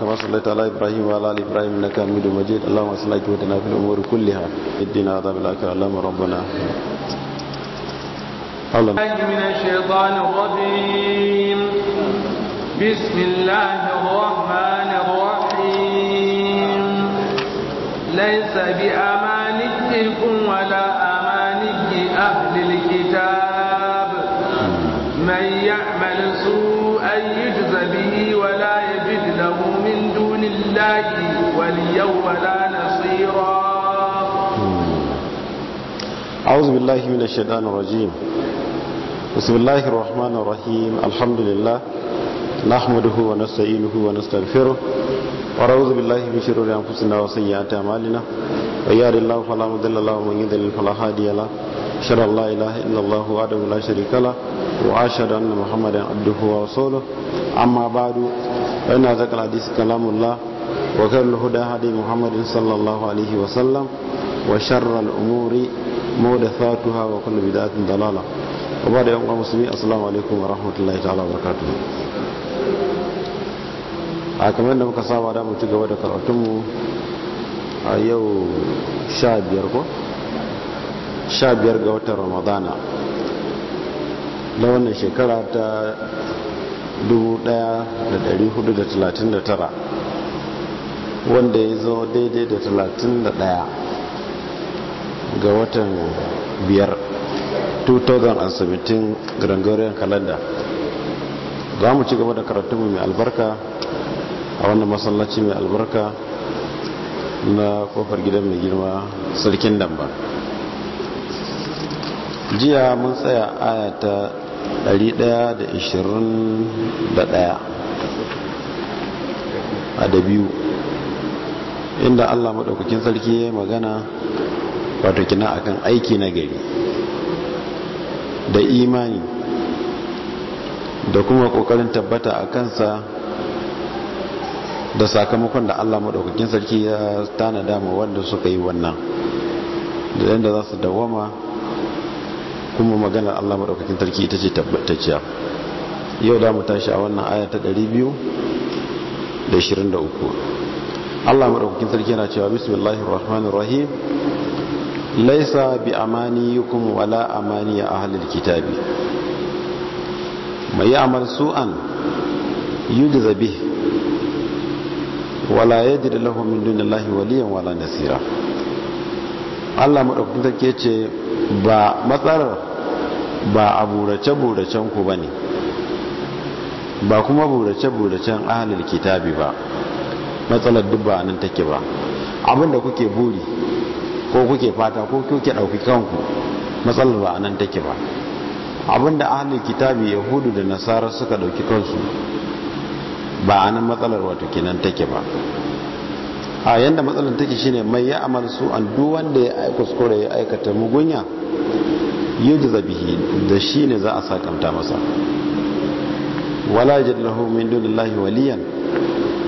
كما صليت على إبراهيم وعلى آل إبراهيم إنك حميد مجيد اللهم صل على سيدنا في الأمور كلها ادنا عذاب الأكل اللهم ربنا الله من الشيطان الرجيم بسم الله الرحمن الرحيم ليس بأمان أعوذ بالله من الشيطان الرجيم بسم الله الرحمن الرحيم الحمد لله نحمده ونستعينه ونستغفره ونعوذ بالله من شرور أنفسنا وسيئات أعمالنا ويهد الله فلا مضل له ومن يضلل فلا هادي له أشهد أن لا إله إلا الله وحده لا شريك له وأشهد أن محمدا عبده ورسوله أما بعد فإن ذكر الحديث كلام الله وخير الهدى هدي محمد صلى الله عليه وسلم وشر الأمور محدثاتها وكل بدعة ضلالة وبعد يوم المسلمين السلام عليكم ورحمة الله تعالى وبركاته a kamar da muka saba da mutu gaba da karatunmu a yau sha biyar ga watan ramadana na wannan shekara ta 1439 wanda ya zo daidai da 31 ga watan biyar 2017 gregorian calendar za mu ci gaba da karatunmu mai albarka a wannan masallaci mai albarka na kofar gidan mai girma sarkin damba jiya mun tsaya aya ta 121 a da biyu inda allah maɗaukakin sarki ya magana wato kina akan aiki na gari da imani da kuma kokarin tabbata a kansa da sakamakon da Allah maɗaukakin sarki ya tana dama wanda suka yi wannan da yadda za su dawama kuma maganar Allah maɗaukakin sarki ita ce tabbatacciya yau da mu tashi a wannan aya ta 223 Allah maɗaukakin sarki yana cewa bismillahir rahmanir rahim laisa bi amaniyukum wala amaniya ahlil kitabi mai ya'mal su'an yujza bih wala yajid lahu min dunillahi waliyan wala nasira Allah madaukakin sarki ce ba matsalar ba a burace buracen ku bane ba kuma burace buracen ahlil kitabi ba matsalar duk ba nan take ba abinda kuke buri ko kuke fata ko kuke ɗauki kanku matsalar ba nan take ba abinda ahalin kitabi yahudu da nasara suka ɗauki kansu ba a nan matsalar wato kinan take ba a yanda matsalar take shine mai ya amal su an duk wanda ya kuskure ya aikata mugunya da zabihi da shi ne za a sakamta masa wala jallahu min dunillahi waliyan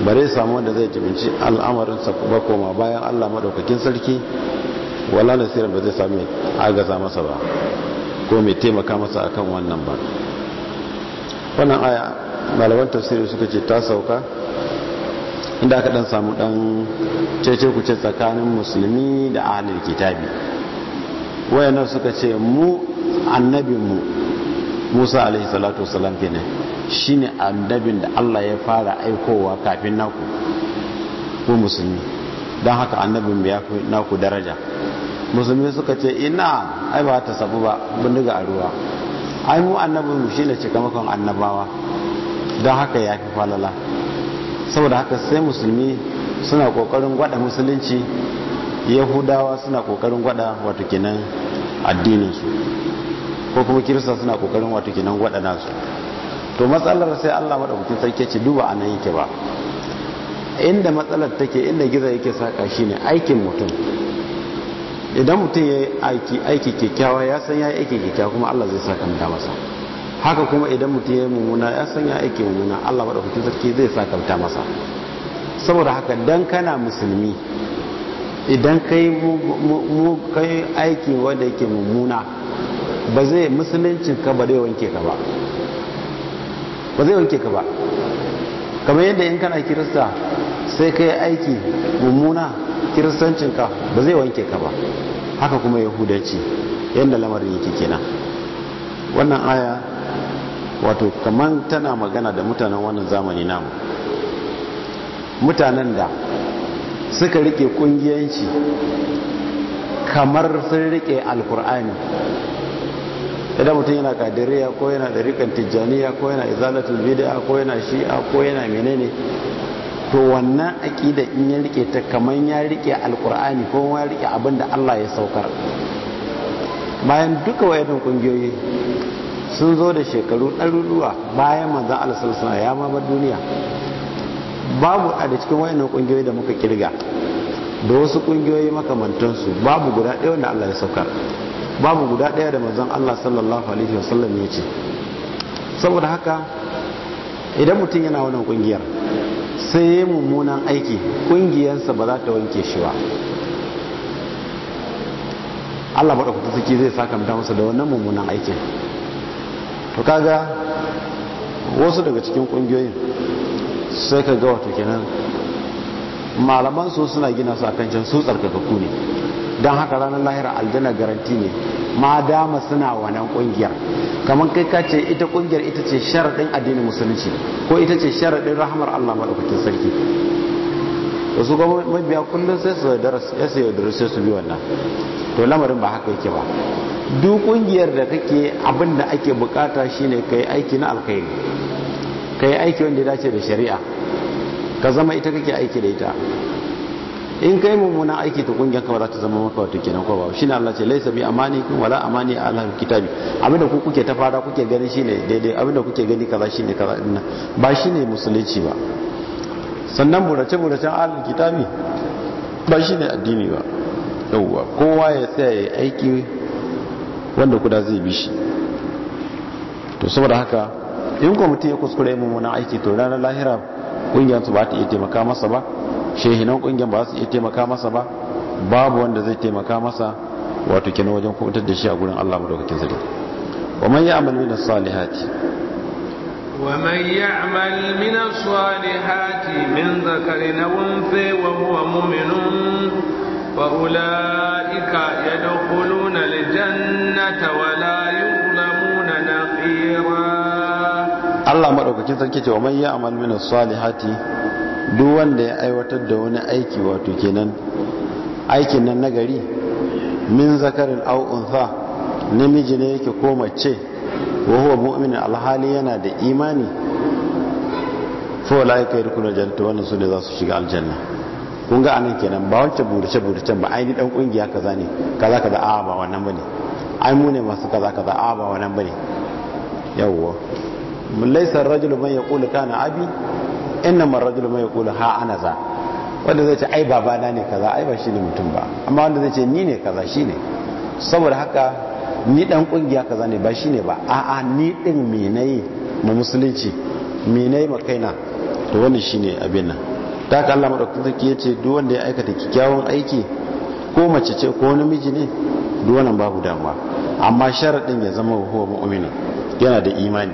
bare samu wanda zai jibinci al'amarin sa kuma koma bayan Allah madaukakin sarki wala nasirin ba zai sami agaza masa ba ko mai taimaka masa akan wannan ba wannan aya malaman tafsiri suka ce ta sauka inda aka dan samu dan cece ce tsakanin musulmi da ahlul kitabi wayannan suka ce mu mu Musa alaihi salatu wasalam kenan shine annabin da Allah ya fara aikowa kafin naku ko musulmi don haka annabin ya fi naku daraja musulmi suka ce ina ai ba ta sabu ba bindiga a ruwa ai mu annabin shi ne cikamakon annabawa don haka ya fi falala saboda haka sai musulmi suna kokarin gwada musulunci yahudawa suna kokarin gwada wato kinan addininsu ko kuma kirista suna kokarin wato kinan gwada nasu to matsalar sai Allah madaukakin sarki ce duba nan yake ba inda matsalar take inda gizo yake saka ne aikin mutum idan mutum ya yi aiki kyakkyawa ya san ya yi aiki kyakkyawa kuma Allah zai sakanta masa haka kuma idan mutum ya yi mummuna ya san ya aiki mummuna Allah madaukakin sarki zai sakanta masa saboda haka dan kana musulmi idan kai mu kai aiki wanda yake mummuna ba zai musuluncin ka ba zai wanke ka ba ba zai wanke ka ba kamar yadda in kana kirista sai ka yi aiki mummuna kiristancinka ba zai wanke ka ba haka kuma yahudanci yadda lamarin yake kenan wannan aya wato kaman tana magana da mutanen wannan zamani namu mutanen da suka rike kungiyanci kamar sun rike alkur'ani idan mutum yana kadiriya ko yana da rikan tijjaniya ko yana izalatul bid'a ko yana shi'a ko yana menene to wannan aƙida in ya rike ta kamar ya rike alkur'ani ko ya rike abin da Allah ya saukar bayan duka wayannan kungiyoyi sun zo da shekaru ɗaruruwa bayan manzon Allah sallallahu ya ma bar duniya babu a da cikin wayannan kungiyoyi da muka kirga da wasu kungiyoyi makamantansu babu guda ɗaya wanda Allah ya saukar babu guda ɗaya da manzon Allah sallallahu alaihi wasallam ya ce saboda haka idan mutum yana wannan kungiyar sai ya yi mummunan aiki ƙungiyarsa ba za ta wanke shi ba Allah ba ɗauka suke zai saka kamta masa da wannan mummunan aiki to kaga wasu daga cikin ƙungiyoyin sai ka gawa to kenan malaman su suna gina su a kan can su tsarkakakku ne don haka ranar lahira aljanna garanti ne ma dama suna wannan ƙungiyar kamar kai ka ce ita kungiyar ita ce sharadin addinin musulunci ko ita ce sharadin rahmar Allah maɗaukakin sarki Wasu su mai mabiya kullum sai su ya sai su bi wannan to lamarin ba haka yake ba duk kungiyar da kake abin da ake bukata shine kai aiki na alkhairi kai aiki wanda ya dace da shari'a ka zama ita kake aiki da ita in kai mummuna aiki ta kungiyar ka ba za ta zama maka wato kenan ko ba ne Allah ce laisa bi amanikum wala amani alal kitabi abinda ku kuke ta fara kuke gani shine daidai abinda kuke gani kaza ne kaza din ba shi ne musulunci ba sannan burace buracen alal kitabi ba shi ne addini ba yauwa kowa ya tsaya ya aiki wanda kuda zai bi shi to saboda haka in ko ya kuskure mummuna aiki to ranar lahira kungiyar su ba ta iya taimaka masa ba shehinan kungiyar ba su iya taimaka masa ba babu wanda zai taimaka masa wato kenan wajen kubutar da shi a gurin Allah madaukakin sarki wa man ya'mal min as-salihati wa man ya'mal min as-salihati min dhakarin aw untha wa huwa mu'minun fa ulaika yadkhuluna al-jannata wa Allah maɗaukacin sarki ce wa yi ya'mal min as-salihati duk wanda ya aiwatar da wani aiki wato kenan aikin nan nagari min zakarin au'unsa namiji ne yake ko mace wahuwa huwa alhali yana da imani fa kai yadkhuluna janta wannan su ne za su shiga aljanna kun ga anan kenan ba wancan burice burice ba ainihin ɗan dan kungiya kaza ne kaza kaza a ba wannan bane ai mu ne masu kaza kaza a ba wannan bane yawwa laisa rajulu man yaqulu kana abi innama rajulu ya kula ha ana za wanda zai ce ai na ne kaza ai ba ne mutum ba amma wanda zai ce ni ne kaza shine saboda haka ni dan kungiya kaza ne ba shine ba a'a ni din me nayi ma musulunci me nayi ma kaina to wannan shine abin nan ta ka Allah madaukakin sarki yace duk wanda ya aikata kikkiawan aiki ko mace ce ko namiji ne duk wannan babu damuwa amma sharadin ya zama huwa mu'mini yana da imani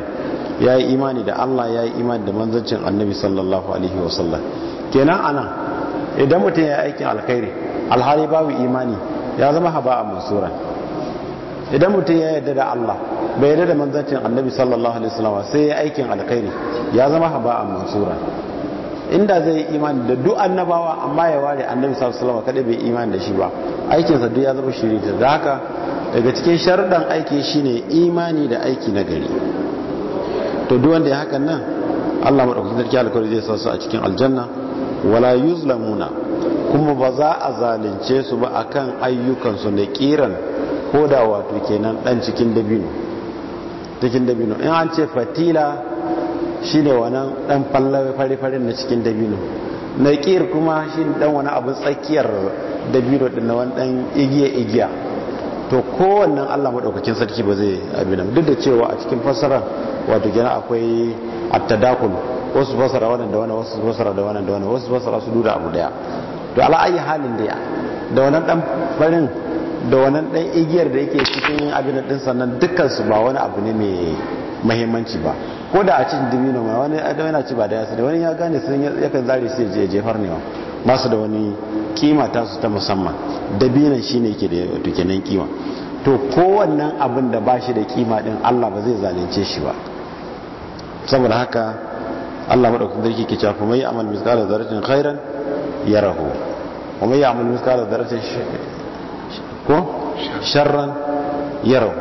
ya yi imani da Allah ya yi imani da manzancin annabi sallallahu alaihi wasallam kenan anan idan mutum ya aikin alkhairi alhari babu imani ya zama haba a mansura idan mutum ya yarda da Allah bai yarda da manzancin annabi sallallahu alaihi wasallam sai ya aikin alkhairi ya zama haba a mansura inda zai imani da duk annabawa amma ya ware annabi sallallahu alaihi wasallam kada bai imani da shi ba aikin duk ya zama shiri da haka daga cikin sharuɗan aiki shine imani da aiki na gari to duk wanda ya hakan nan Allah madaukakin sarki alkawari zai sasu a cikin aljanna wala yuzlamuna kuma ba za a zalunce su ba akan ayyukan su na kiran ko da wato kenan dan cikin dabino cikin dabino in an ce fatila shine wannan dan fallawe fari fari na cikin dabino na kir kuma shi dan wani abin tsakiyar dabino din na wani dan igiya igiya to kowannan Allah maɗaukakin sarki ba zai abin duk da cewa a cikin fassara wato gina akwai attadakul wasu fassara wannan da wannan wasu fassara da wannan da wannan wasu fassara su duda abu daya to ala ayi halin da da wannan dan farin da wannan dan igiyar da yake cikin abin din sannan dukkan su ba wani abu ne mai muhimmanci ba ko da a cikin dimino mai wani yana ci ba da yasa da wani ya gane sun yakan zare sai je jefar ne wa ba su da wani kima ta su ta musamman dabinan shine ke da tukinan kima to kowannan abin da ba shi da kima din Allah ba zai zalunce shi ba saboda haka Allah madaukakin sarki ke cafi kuma amal miskala zaratin khairan yarahu kuma mai amal miskala zaratin ko sharran yarahu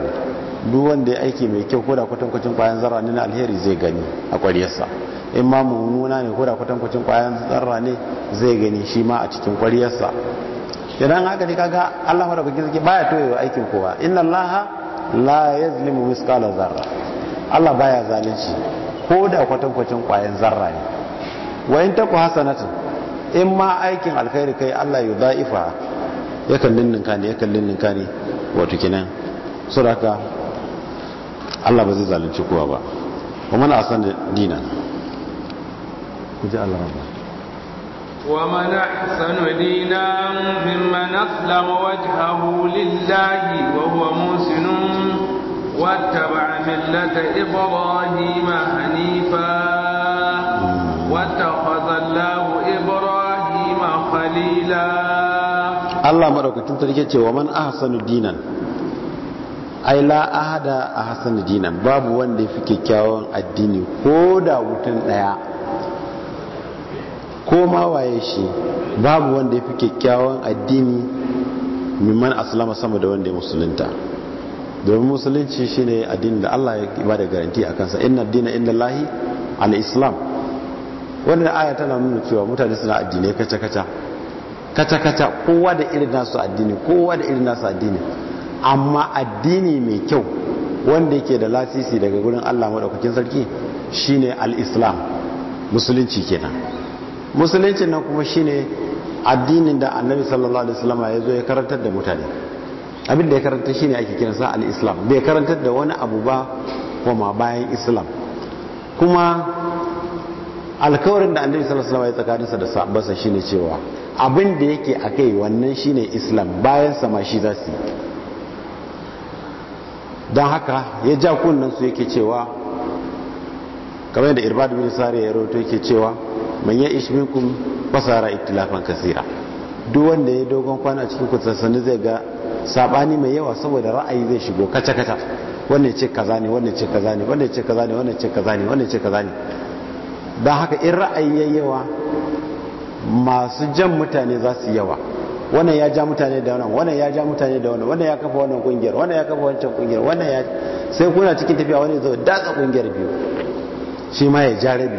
duk wanda ya aiki mai kyau ko da kwatankwacin bayan zara ne na alheri zai gani a ƙwaryarsa in ma mummuna ne ko da kwatankwacin kwayan tsarra ne zai gani shi ma a cikin ƙwariyarsa idan haka ne kaga Allah wa rabbi zaki baya toye aikin kowa inna Allah la yazlimu misqala zarra Allah baya zalunci ko da kwatankwacin kwayan zarra ne wa in taku hasanatu in ma aikin alkhairi kai Allah ya ya kallin ninka ne kallin ninka ne wato kenan saboda Allah ba zai zalunci kowa ba kuma na asan dinan ku ji Allah ba wa mana sanadina min man aslama wajhahu lillahi wa huwa musinun wattaba'a millata ibrahima hanifa wattakhadha Allah ibrahima khalila Allah madaukakin tarihi yake wa man ahsanu dinan ai la ahada ahsanu dinan babu wanda yake kyakkyawan addini ko da wutun daya ko ma waye shi babu wanda ya fi kyakkyawan addini mimman aslama sama da wanda ya musulunta domin musulunci shine addini da Allah ya ba da garanti a kansa inna addina inda lahi al-islam wannan aya tana nuna cewa mutane suna addinai kaca-kaca kaca-kaca kowa da irin nasu addini kowa da irin nasu addini amma addini mai kyau wanda yake da lasisi daga gurin Allah madaukakin sarki shine al-islam musulunci kenan musulunci nan kuma shine addinin da annabi sallallahu alaihi wasallam ya zo ya karantar da mutane abin da ya karanta shine ake kiransa al-islam bai karantar da wani abu ba kuma bayan islam kuma alkawarin da annabi sallallahu alaihi wasallam ya tsakaninsa da sahabbansa shine cewa abin da yake akai wannan shine islam bayan sa ma shi za su yi don haka ya ja kunnen su yake cewa kamar yadda irbad bin sari ya rawaito yake cewa man ya ish minkum fasara ittilafan kasira duk wanda ya dogon kwana a cikin kutsasani zai ga sabani mai yawa saboda ra'ayi zai shigo kaca kaca wannan ce kaza ne wannan ce kaza ne wannan ce kaza ne wannan ce kaza ne wannan ce kaza ne dan haka in ra'ayi ya yawa masu jan mutane za su yawa wannan ya ja mutane da wannan wannan ya ja mutane da wannan wannan ya kafa wannan kungiyar wannan ya kafa wancan kungiyar wannan ya sai kuna cikin tafiya wani zai datsa kungiyar biyu shi ma ya ja rabi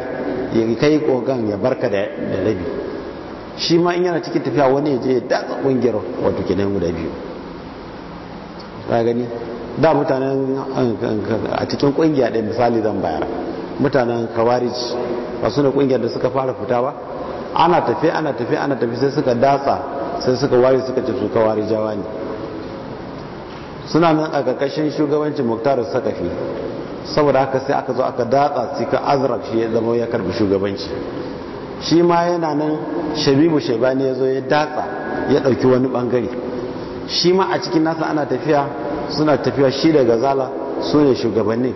ya kai kogan ya barka da rabi shi ma in yana cikin tafiya wani ya je ya daga kungiyar wato kenan guda biyu ka gani da mutanen a cikin kungiya ɗaya misali zan bayar mutanen kawarij ba su ne kungiyar da suka fara fita ba ana tafi ana tafi ana tafi sai suka datsa sai suka ware suka ce su kawarijawa ne suna nan a ƙarƙashin shugabancin muktar sakafi saboda haka sai aka zo aka datsa ka azraq shi ya zama ya karbi shugabanci shi ma yana nan shabibu shaibani ya zo ya datsa ya ɗauki wani bangare. shi ma a cikin nasa ana tafiya suna tafiya shi da gazala su ne shugabannin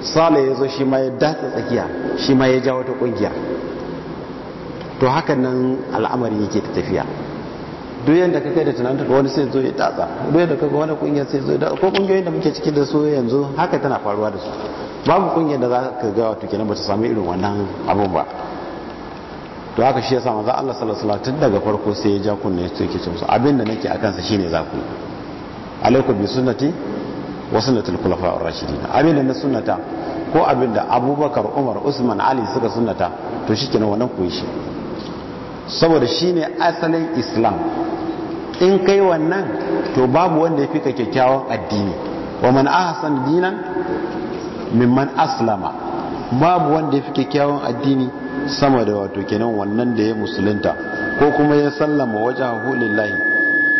sale ya zo shi ma ya datsa tsakiya shi ma ya ja wata ƙungiya to hakan nan al'amari yake ta tafiya duk yadda ka kai da tunanin ka wani sai zo ya tatsa duk yadda ka ga wani kungiya sai zo ya ko kungiyoyin da muke ciki da su yanzu haka tana faruwa da su babu kungiyar da za ka ga wato kenan ba ta samu irin wannan abun ba to haka shi yasa manzo Allah sallallahu alaihi wasallam tun daga farko sai ya ja kunne sai yake cewa abin da nake akan sa shine za ku alaikum bi sunnati wa sunnatul khulafa ar-rashidin abin da na sunnata ko abin da Abubakar Umar Usman Ali suka sunnata to shikenan wannan yi shi saboda shine asalin Islam in kai wannan to babu wanda ya fi ka kyakkyawan addini wa man ahsan dinan mimman aslama babu wanda ya fi kyakkyawan addini sama da wato kenan wannan da ya musulunta ko kuma ya sallama wajen hulillahi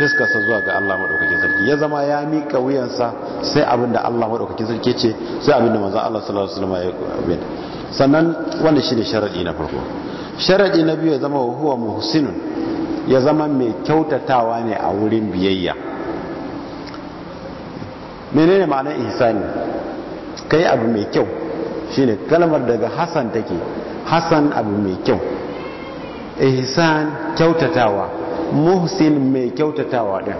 fiskarsa zuwa ga Allah maɗaukakin sarki ya zama ya miƙa wuyansa sai abin da Allah maɗaukakin sarki ce sai abin da manzo Allah sallallahu alaihi wasallam ya sannan wanda shine sharadi na farko sharadi na biyu ya zama huwa muhsinun ya zama mai kyautatawa ne a wurin biyayya menene ma'anar ihsani kai abu mai kyau shine kalmar daga hasan take Hassan abu mai kyau ihsan kyautatawa muhsin mai kyautatawa din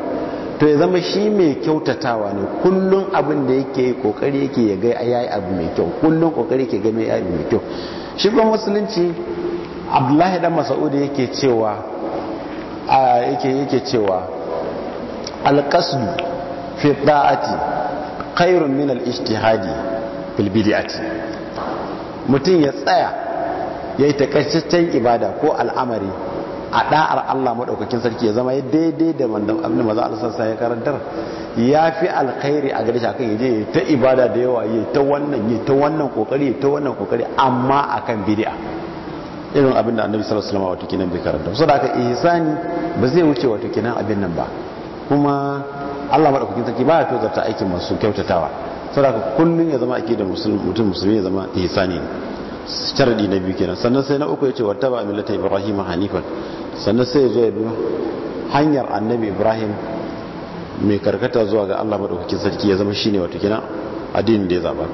to ya zama shi mai kyautatawa ne kullum abin da yake kokari yake ya ga yayi abu mai kyau kullum kokari yake ga mai abu mai kyau shi kuma musulunci Abdullahi dan Mas'ud yake cewa a yake yake cewa alqasdu fi da'ati khairun min al-ijtihadi bid'ati mutum ya tsaya yayi takaitaccen ibada ko al'amari a da'ar Allah madaukakin sarki ya zama ya daidai da wanda abin maza Allah sai ya karantar ya fi alkhairi a gare shi akan yaje ta ibada da yawa yayi ta wannan yayi ta wannan kokari ya ta wannan kokari amma akan bid'a irin abin da annabi sallallahu alaihi wasallam wato kinan bai karanta so da haka ihsani ba zai wuce wato kinan abin nan ba kuma Allah madaukakin sarki ba ya tozarta aikin masu kyautatawa so da haka kullun ya zama ake da musulmi mutum musulmi ya zama ihsani sharadi na biyu kenan sannan sai na uku yace wattaba millata ibrahim hanifan sannan sai ya bi hanyar annabi ibrahim mai karkata zuwa ga Allah madaukakin sarki ya zama shine wato kinan addinin da ya zaba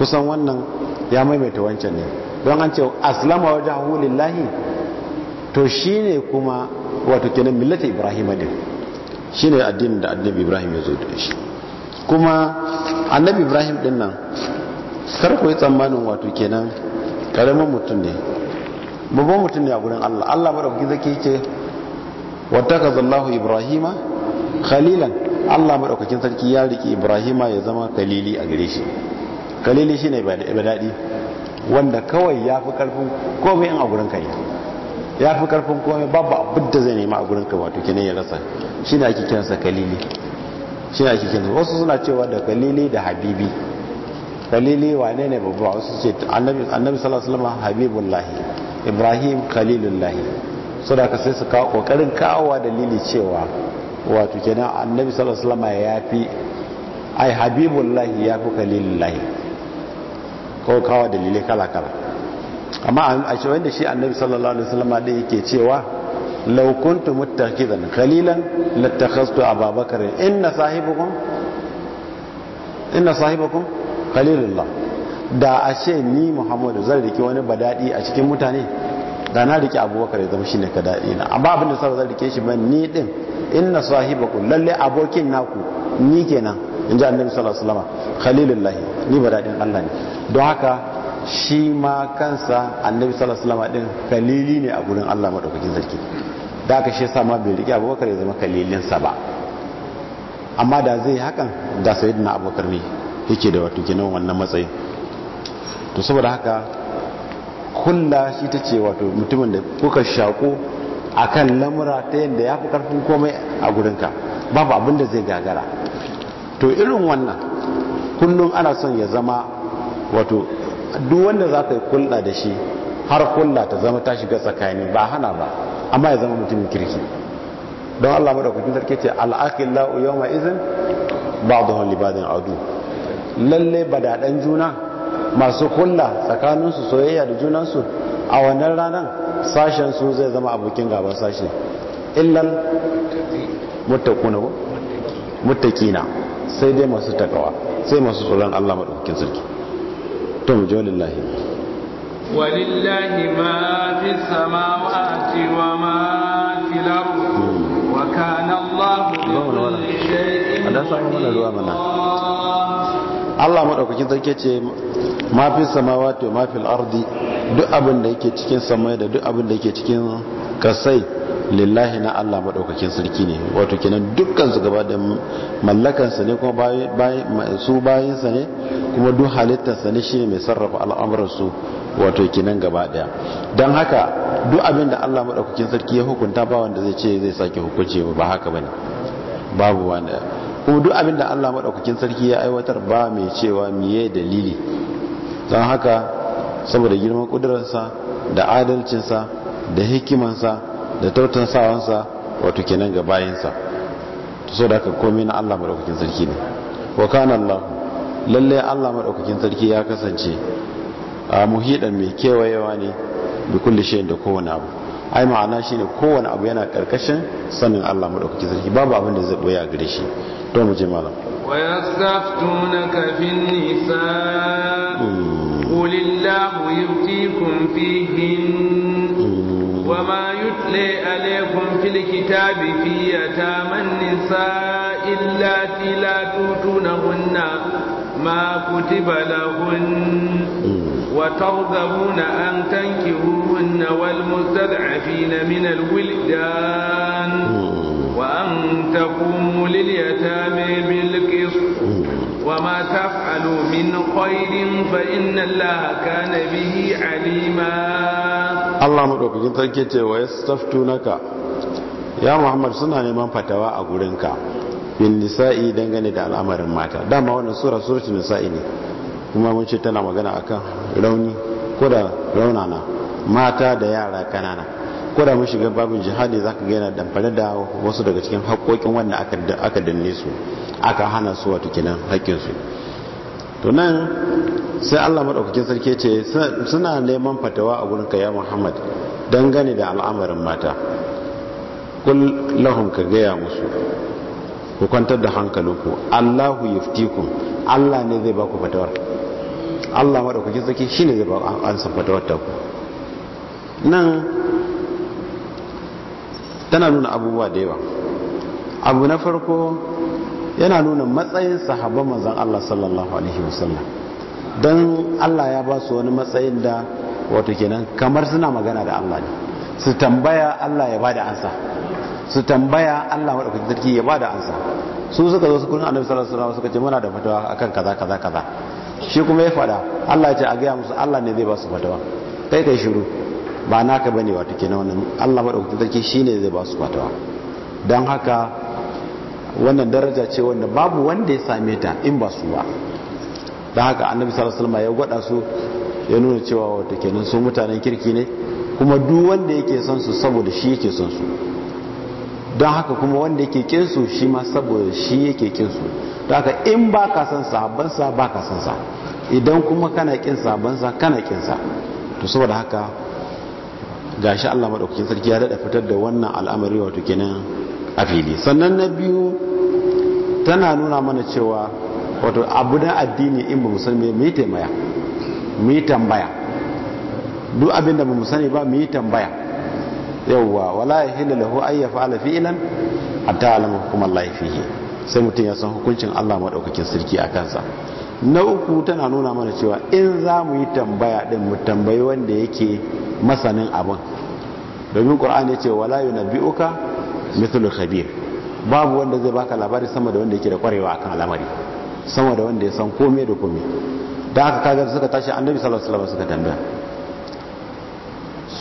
kusan wannan ya maimaita wancan ne don an ce aslama wajahu lillahi to shine kuma wato kenan millata Ibrahim din shine addinin da annabi ibrahim ya zo da shi kuma annabi ibrahim din nan kar ku yi tsammanin wato kenan karamin mutum ne babban mutum ne a gurin Allah Allah gizo zaki ce zallahu Ibrahim. khalilan Allah madaukakin sarki ya riki ibrahima ya zama kalili a gare shi kalili shine ba daɗi wanda kawai ya fi karfin komai in a gurin kai ya fi karfin komai babu abin da zai nema a gurin kai wato kenan ya rasa shi na ake kiransa kalili shi na ake kiransa wasu suna cewa da kalili da habibi kalili wane ne a wasu ce annabi salasalama sallallahu alaihi ibrahim kalilun ibrahim su da ka sai su kawo kokarin kawowa dalili cewa wato kenan annabi sallallahu alaihi ya fi ai lahi ya fi lahi ko kawo dalilai kala-kala amma a shawar da shi annabi sallallahu alaihi wasallam da yake cewa law kuntu muttaqidan qalilan lattakhastu ababakar inna sahibukum inna sahibukum qalilullah da ce ni muhammadu zan rike wani badadi a cikin mutane da na rike abubakar ya zama shine ka daɗi na amma abin da sa zan rike shi ban ni din inna sahibukum lalle abokin naku ni kenan in ji annabi sallallahu alaihi wasallam khalilullah ni ba Allah ne don haka shi ma kansa annabi sallallahu alaihi wasallam din khalili ne a gurin Allah madaukakin sarki da haka shi yasa ma bai riki Abubakar ya zama khalilin sa ba amma da zai hakan da sayyidina Abubakar ne yake da wato kenan wannan matsayin to saboda haka kulla shi ta ce wato mutumin da kuka shako akan lamura ta yadda ya fi karfin komai a gurinka babu abin da zai gagara to irin wannan kullum ana son ya zama wato duk wanda za ka yi kulla da shi har kulla ta zama ta shiga tsakani ba hana ba amma ya zama mutumin kirki don Allah madaukakin sarki ce al'aqillahu ba idhin ba'dhum li ba'din adu lalle badadan juna masu kulla tsakaninsu soyayya da junansu a wannan ranar sashen su zai zama abokin gaban sashe illal mutakina sai dai masu takawa sai masu tsoron Allah maɗaukakin sarki to mu jawalin lahi walillahi ma fi samawati wa ma fil hmm. wa kana Allahu bi shay'in da sai mun ruwa mana Allah maɗaukakin sarki ce ma fi samawati wa ma fi lardi duk abin da yake cikin samai da duk abin da yake cikin kasai lillahi na Allah maɗaukakin sarki ne wato kenan dukkan su gaba da mallakansa ne kuma su bayansa ne kuma duk halittarsa ne shine mai sarrafa al'amuransu wato kenan gaba daya don haka duk abin da Allah maɗaukakin sarki ya hukunta ba wanda zai ce zai sake hukunci ba haka bane babu wanda kuma duk abin da Allah maɗaukakin sarki ya aiwatar ba mai cewa miye dalili don haka saboda girman ƙudurarsa da adalcinsa da hikimansa da tautan sawansa wato kenan ga bayansa to so da haka komai na Allah madaukakin sarki ne wa kana Allah lalle Allah madaukakin sarki ya kasance a muhidan mai kewayewa ne bi kulli shay'in da kowane abu ai ma'ana shine kowane abu yana karkashin sanin Allah madaukakin sarki babu abin da zai boya gare shi to mu je malam wa yastaftunaka fin nisa hmm. qulillahu yuftikum fihin وما يتلي عليكم في الكتاب في يتامى النساء اللاتي لا تؤتونهن ما كتب لهن وترغبون أن تنكروهن والمستضعفين من الولدان وأن تقوموا لليتامى بالقسط وما تفعلوا من خير فإن الله كان به عليما الله مدوك جنت كيت ويستفتونك يا محمد سنة نمان فتوى أقولنك bin nisa'i dangane da al'amarin mata dama wannan sura suratul nisa'i ne kuma mun ce tana magana akan rauni ko da raunana mata da yara kanana ko da mun shiga babin jihadi zaka ga yana damfare da wasu daga cikin haƙoƙin wanda aka danne su aka hana su wato kenan haƙƙinsu to nan sai Allah madaukakin sarki ce suna neman fatawa a gurin ya Muhammad dangane da al'amarin mata kul lahum ka gaya musu ku kwantar da hankalinku Allahu yuftikum Allah ne zai baku fatawar Allah madaukakin sarki shine zai baku an san fatawar ta ku nan tana nuna abubuwa da yawa abu na farko yana nuna matsayin sahabban manzon Allah sallallahu alaihi wasallam dan Allah ya ba su wani matsayin da wato kenan kamar suna magana da Allah ne su tambaya Allah ya bada ansa su tambaya Allah madaukakin sarki ya bada ansa su suka zo su kullun annabi sallallahu alaihi wasallam suka ce muna da fatawa akan kaza kaza kaza shi kuma ya fada Allah ya ce a gaya musu Allah ne zai ba su fatawa kai kai shiru ba naka bane wato kenan wannan Allah madaukakin sarki shine zai ba su fatawa don haka wannan daraja ce wanda babu wanda ya same ta in ba su ba da haka annabi sallallahu alaihi ya gwada su ya nuna cewa wato kenan su mutanen kirki ne kuma duk wanda yake son su saboda shi yake son su don haka kuma wanda yake kin su shi ma saboda shi yake kin su don haka in ba ka son sahabban sa ba ka son sa idan kuma kana kin sahabban sa kana kin sa to saboda haka gashi Allah madaukakin sarki ya dada fitar da wannan al'amari wato kenan a fili sannan na biyu tana nuna mana cewa wato abu na addini in ba mu sani mu yi tambaya duk abin da ba mu sani ba muyi tambaya yawwa wala ko lahu ay yaf'ala a ta alama hukum Allah sai mutum ya san hukuncin Allah maɗaukakin sarki a kansa na uku tana nuna mana cewa in za mu yi tambaya din mu tambayi wanda yake masanin abin domin ƙwar'an ya ce wala bi'uka mithlu khabir babu wanda zai baka labari sama da wanda yake da kwarewa akan al'amari sama da wanda ya san komai da komai da aka kaga suka tashi annabi sallallahu alaihi wasallam suka tambaya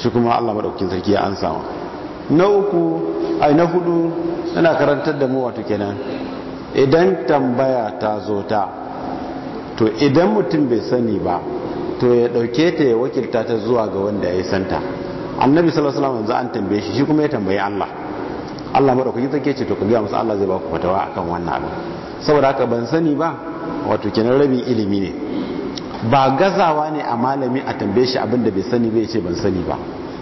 shi kuma Allah madaukakin sarki ya ansa wa na uku ai na hudu yana karantar da mu wato kenan idan tambaya ta zo ta to idan mutum bai sani ba to ya dauke ta ya wakilta ta zuwa ga wanda ya santa annabi sallallahu alaihi wasallam an tambaye shi shi kuma ya tambayi Allah Allah madaukakin sarki ce to ka gaya musu Allah zai ba ku fatawa akan wannan abin. saboda haka ban sani ba wato kenan rabin ilimi ne ba gazawa ne a malami a tambaye shi abin da bai sani bai ce ban sani ba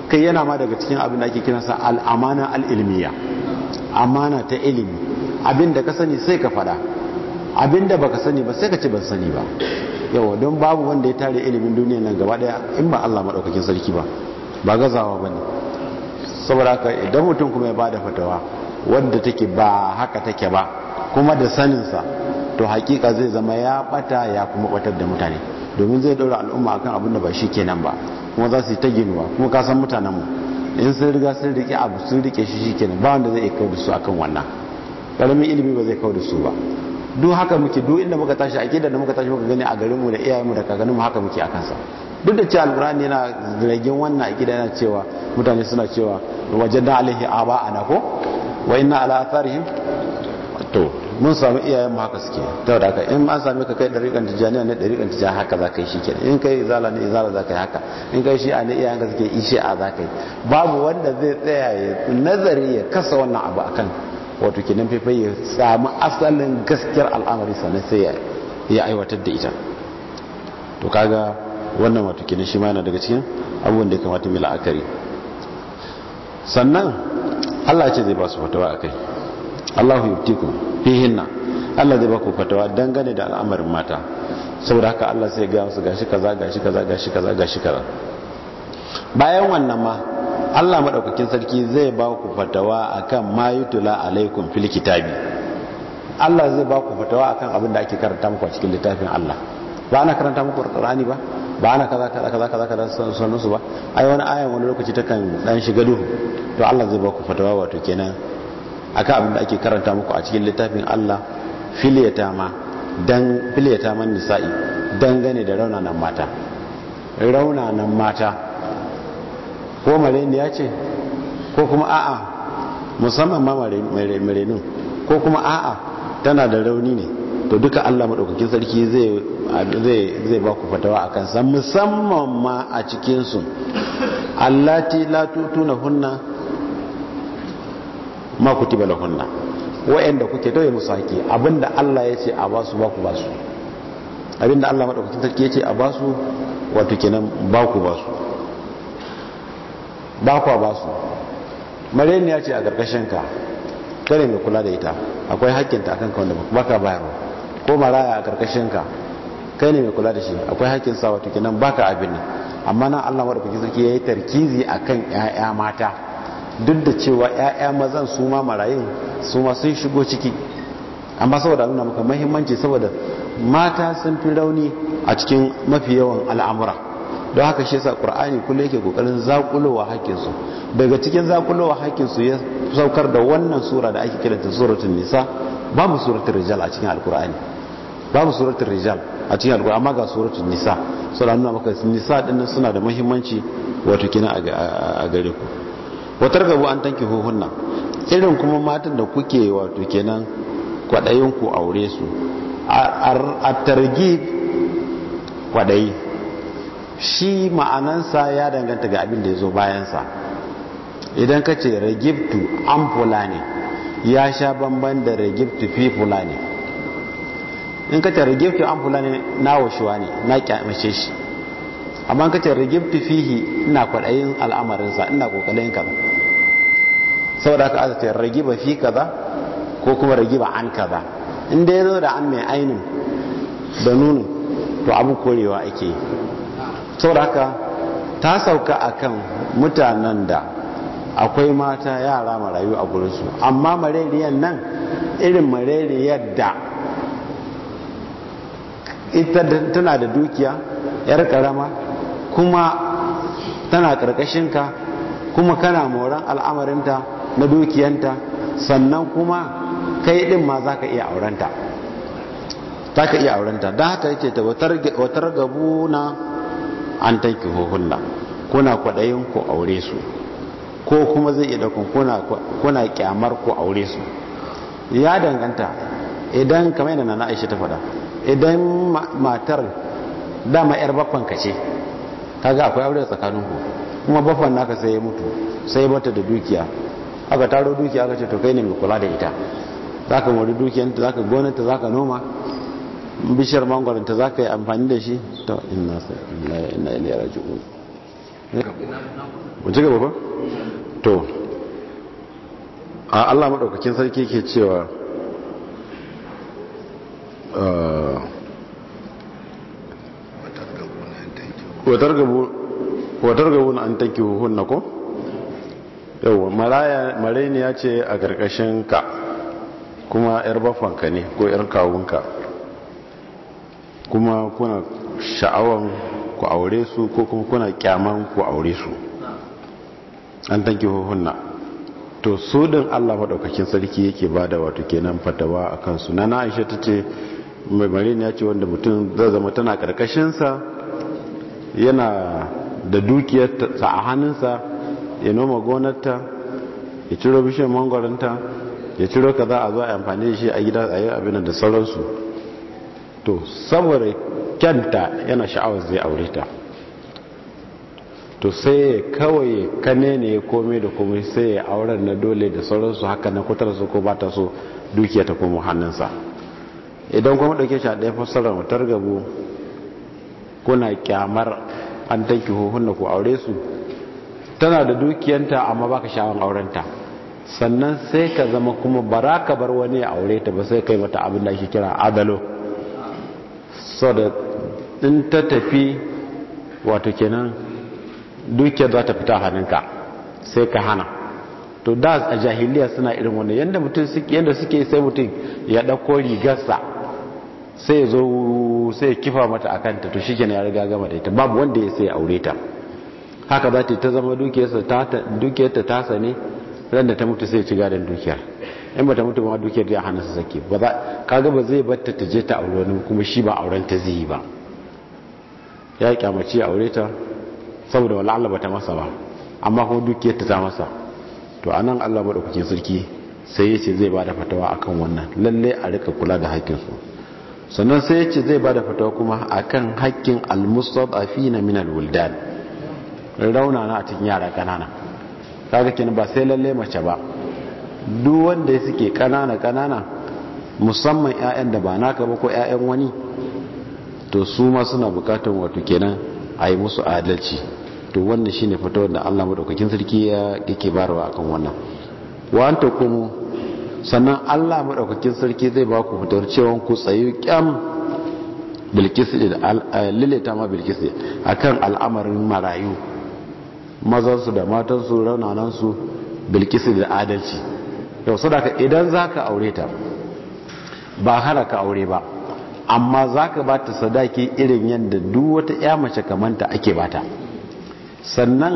kai yana ma daga cikin abin da ake kiransa al'amana al'ilmiya amana ta ilimi abin da ka sani sai ka faɗa abin da baka sani ba sai ka ce ban sani ba yawa don babu wanda ya tare ilimin duniya nan gaba ɗaya in ba Allah maɗaukakin sarki ba ba gazawa ba ne saboda ka idan mutum kuma ya bada fatawa wanda take ba haka take ba kuma da sanin sa to hakika zai zama ya bata ya kuma batar da mutane domin zai daura al'umma akan abin da ba shi kenan ba kuma za su yi ta ginuwa kuma ka san mutanen mu in sun riga sun rike abu sun rike shi shi kenan ba wanda zai kawo da su akan wannan karamin ilimi ba zai kawo da su ba duk haka muke duk inda muka tashi ake da muka tashi muka gani a garin mu da iyayenmu da kakannin mu haka muke akan sa duk da cewa alqur'ani yana zargin wannan gida yana cewa mutane suna cewa wajadna alaihi aba ana ko wa inna ala atharihim to mun samu iyayen mu haka suke ta da haka in an same ka kai dariƙan tijaniya ne dariƙan tijaniya haka za ka yi shi kenan in kai zala ne izala za ka yi haka in kai a ne iyayen ka suke ishe a za ka yi babu wanda zai tsaya ya nazari ya kasa wannan abu akan wato nan faifai ya samu asalin gaskiyar al'amari sannan sai ya aiwatar da ita to kaga wannan wato kenan shi ma yana daga cikin abubuwan da ya kamata mai la'akari sannan Allah ce zai ba su fatawa kai, Allahu yubtikum fihinna Allah zai ba ku fatawa dangane da al'amarin mata saboda haka Allah sai ga su gashi kaza gashi kaza gashi kaza gashi kaza bayan wannan ma Allah madaukakin sarki zai ba ku fatawa akan ma yutula alaikum fil kitabi Allah zai ba ku fatawa akan abin da ake karanta muku a cikin littafin Allah ba ana karanta muku Qur'ani ba ba ana kaza kaza kaza kaza kaza san su ba ai wani ayan wani lokaci ta kan dan shiga duhu to Allah zai ba ku fatawa wato kenan akan abin da ake karanta muku a cikin littafin Allah fil yatama dan fil yatama nisa'i dangane da raunanan mata raunanan mata ko ya ce ko kuma a'a musamman ma marenin ko kuma a'a tana da rauni ne to duka Allah maɗaukakin sarki zai ba ku fatawa a kansa musamman ma a cikinsu allati la na hunna ma ku kutiba lahunna wa'anda kuke tauye musu haƙi abinda Allah ya ce a basu ba ku basu abinda Allah maɗaukakin sarki ya ce a basu wato kenan ba ku basu ba kwa ba su ya ce a ƙarƙashin ka kare mai kula da ita akwai hakkinta akan ka wanda baka bayarwa ko maraya a ƙarƙashin ka kai ne mai kula da shi akwai hakkin sa wato kenan baka abin ne amma nan Allah madaukakin ya yayi tarkizi akan ƴaƴa mata duk da cewa ƴaƴa mazan su ma marayun su ma sun shigo ciki amma saboda nuna maka muhimmanci saboda mata sun fi rauni a cikin mafi yawan al'amura don haka shi yasa qur'ani kula yake kokarin zaƙulowa hakkin daga cikin zaƙulowa hakkin ya saukar da wannan sura da ake kiranta suratun nisa ba mu suratul rijal a cikin ba mu suratul rijal a cikin alqur'ani amma ga suratun nisa sura nuna maka nisa ɗin suna da muhimmanci wato kina a gare ku wata gabu an tanki huhunna irin kuma matan da kuke wato kenan kwaɗayinku aure su a targib kwaɗayi. shi ma'anansa ya danganta ga abin da ya zo bayansa idan ka ce ragibtu an ne ya sha bamban da ragibtu fi ne in ka ce ragibtu an ne na washewa ne na kyamace shi amma ka ce ragibtu fihi ina kwaɗayin al'amarinsa ina ƙoƙarin kaza saboda aka azata ce ragiba fi kaza ko kuma ragiba an kaza in dai zo da an mai ainin da nunu to abin korewa ake yi saboda haka ta sauka akan mutanen da akwai mata yara marayu a gurinsu amma marariyar nan irin marariyar da ita tana da dukiya yar karama kuma tana ka kuma kana moran al'amarinta na dukiyanta sannan kuma kai din ma za ka iya aurenta ta ka iya aurenta don haka yake ta gabu na an tanki hunna kuna kwaɗayin ku aure su ko kuma zai iya ɗaukun kuna kyamar ku aure su ya danganta idan kamar yana na aisha ta faɗa idan matar dama yar baffan ka ce ga akwai aure tsakanin ku kuma baffan naka sai ya mutu sai bata da dukiya aka taro dukiya aka ce to kai ne mai kula da ita za ka mori dukiyanta za ka gonanta za ka noma bishiyar mangoron ta za ka yi amfani da shi ta ina wace gaba ba? to a allah maɗaukakin sarki ke cewa watar gabu na an tanki na ko? marai ne ya ce a ƙarƙashin ka kuma 'yar bafanka ne ko 'yar kawunka kuma kuna sha'awan ku aure su ko kuma kuna kyaman ku aure su an tanki hunna to su din Allah maɗaukakin sarki yake bada wato kenan fatawa kansu na na Aisha ta mai marin ya ce wanda mutum zai zama tana ƙarƙashinsa yana da dukiyarsa a hannunsa ya noma gonarta ya ciro bishiyar mangwaranta ya ciro kaza a zo a amfani da shi a gida a yi abin da sauransu to saboda kyanta yana sha'awar zai aure ta to sai kawai kane ne ya kome da komai sai ya auren na dole da sauransu haka na kutar su ko ta so dukiya ta komo hannunsa idan kuma ɗauke shi a ɗaya fassarar mutar gabo kuna kyamar an tanki huhunna ku aure su tana da dukiyanta amma ba ka sha'awar aurenta sannan sai ka zama kuma bara ka bar wani ya aure ta ba sai kai mata abin da ake kira adalo so da in ta tafi wato kenan dukiyar za ta fita hannunka sai ka hana to da a jahiliya suna irin wani yadda mutum yadda suke sai mutum ya ɗauko rigarsa sai zo sai kifa mata a kanta to shikenan ya riga gama da ita babu wanda ya sai aure ta haka za ta ta zama dukiyarta tasa ne randa ta mutu sai ci gadon dukiyar in bata mutu ba duke da hana su sake ba za kaga ba zai batta ta je ta aure wani kuma shi ba auren ta zai ba ya kyamace aure ta saboda wala Allah ba ta masa ba amma kuma dukiyar ta ta masa to anan Allah da kuke sarki sai yace zai bada fatawa akan wannan lalle a rika kula da hakkin su sannan sai yace zai bada fatawa kuma akan hakkin almustadafina min alwuldan na a cikin yara kanana kaga kin ba sai lalle mace ba duk wanda suke kanana kanana musamman 'ya'yan da ba na ba ko 'ya'yan wani to su ma suna bukatan wato kenan a yi musu adalci to wannan ne fata wanda Allah maɗaukakin sarki ya yake barawa a kan wannan wanta kuma sannan Allah maɗaukakin sarki zai ba ku fitar cewa ku tsayi kyam eh, lilita ma a kan al'amarin marayu mazansu da matansu raunanansu bilkisi da adalci yau sadaka idan za ka aure ta ba hana ka aure ba amma za ka ba ta sadaki irin yadda duk wata ya mace kamanta ake ba ta sannan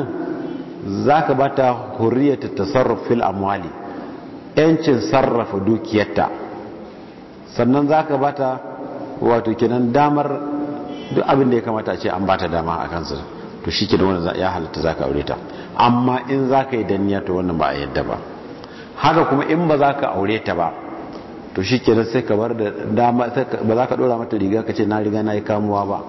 za ka ba ta hurriyata tasarrufin amwali yancin sarrafa dukiyarta sannan za ka ba ta wato kenan damar duk abin da ya kamata ce an ba ta dama a kansu to shi kenan wanda ya halatta za ka aure ta amma in za ka yi danniya to wannan ba a yadda ba haka kuma in ba za ka aure ta ba to shi kenan sai ka bar da dama ba za ka dora mata riga ka ce na riga na yi kamuwa ba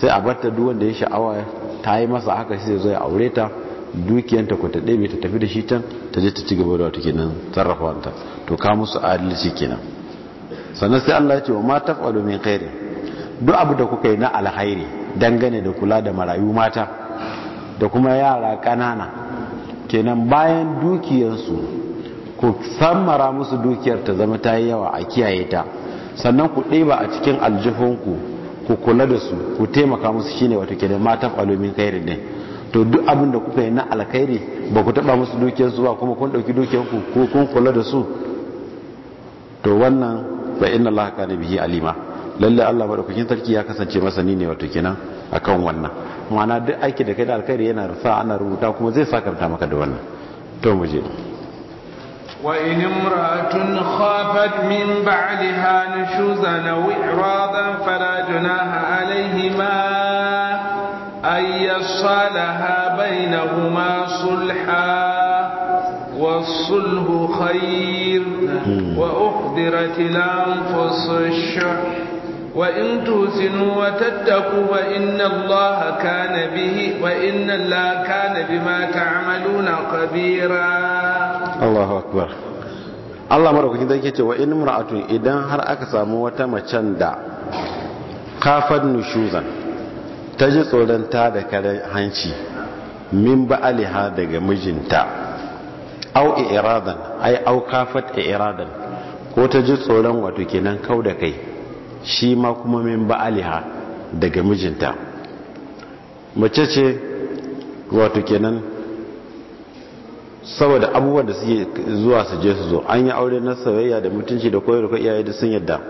sai a bar ta duk wanda ya sha'awa ta yi masa haka sai zai aure ta dukiyanta ku ta ɗebe ta tafi da shi can ta je ta ci gaba da wata kenan sarrafa to ka musu adalci kenan sannan sai Allah ya ce wa ma taf'alu min khairi duk abu da kuka yi na alhairi dangane da kula da marayu mata da kuma yara ƙanana kenan bayan dukiyarsu ku samara musu dukiyar ta zama ta yi yawa a kiyaye ta sannan ku ɗeba a cikin aljihunku ku kula da su ku taimaka musu shine wato ke da mata falomin kairin ne, to duk abin da kuka yi na alkairi ba ku taɓa musu dukiyarsu ba kuma kun ɗauki dukiyarku ko kun kula da su to wannan ba inna allaha bihi alima lallai allah madaukakin sarki ya kasance masani ne wato kenan akan wannan ma'ana duk aiki da kai da alkhairi yana sa ana rubuta kuma zai sakarta maka da wannan to mu je وإن امرأة خافت من بعدها نشوزا أو إعراضا فلا جناح عليهما أن يصالها بينهما صلحا والصلح خير وأحضرت الأنفس الشح وإن توسنوا وتتقوا وإن الله كان به وإن الله كان بما تعملون خبيرا Allahu akbar Allah madaukakin da yake cewa in mura'atun idan har aka samu wata macen da kafar nushuzan ta ji tsoron ta da kare hanci min ba'aliha daga mijinta au iradan ai au kafat iradan ko ta ji tsoron wato kenan kau da kai shi ma kuma min ba'aliha daga mijinta mace ce wato kenan saboda abubuwan da suke zuwa su je su zo an yi aure na soyayya da mutunci da koyar da iyaye da sun yadda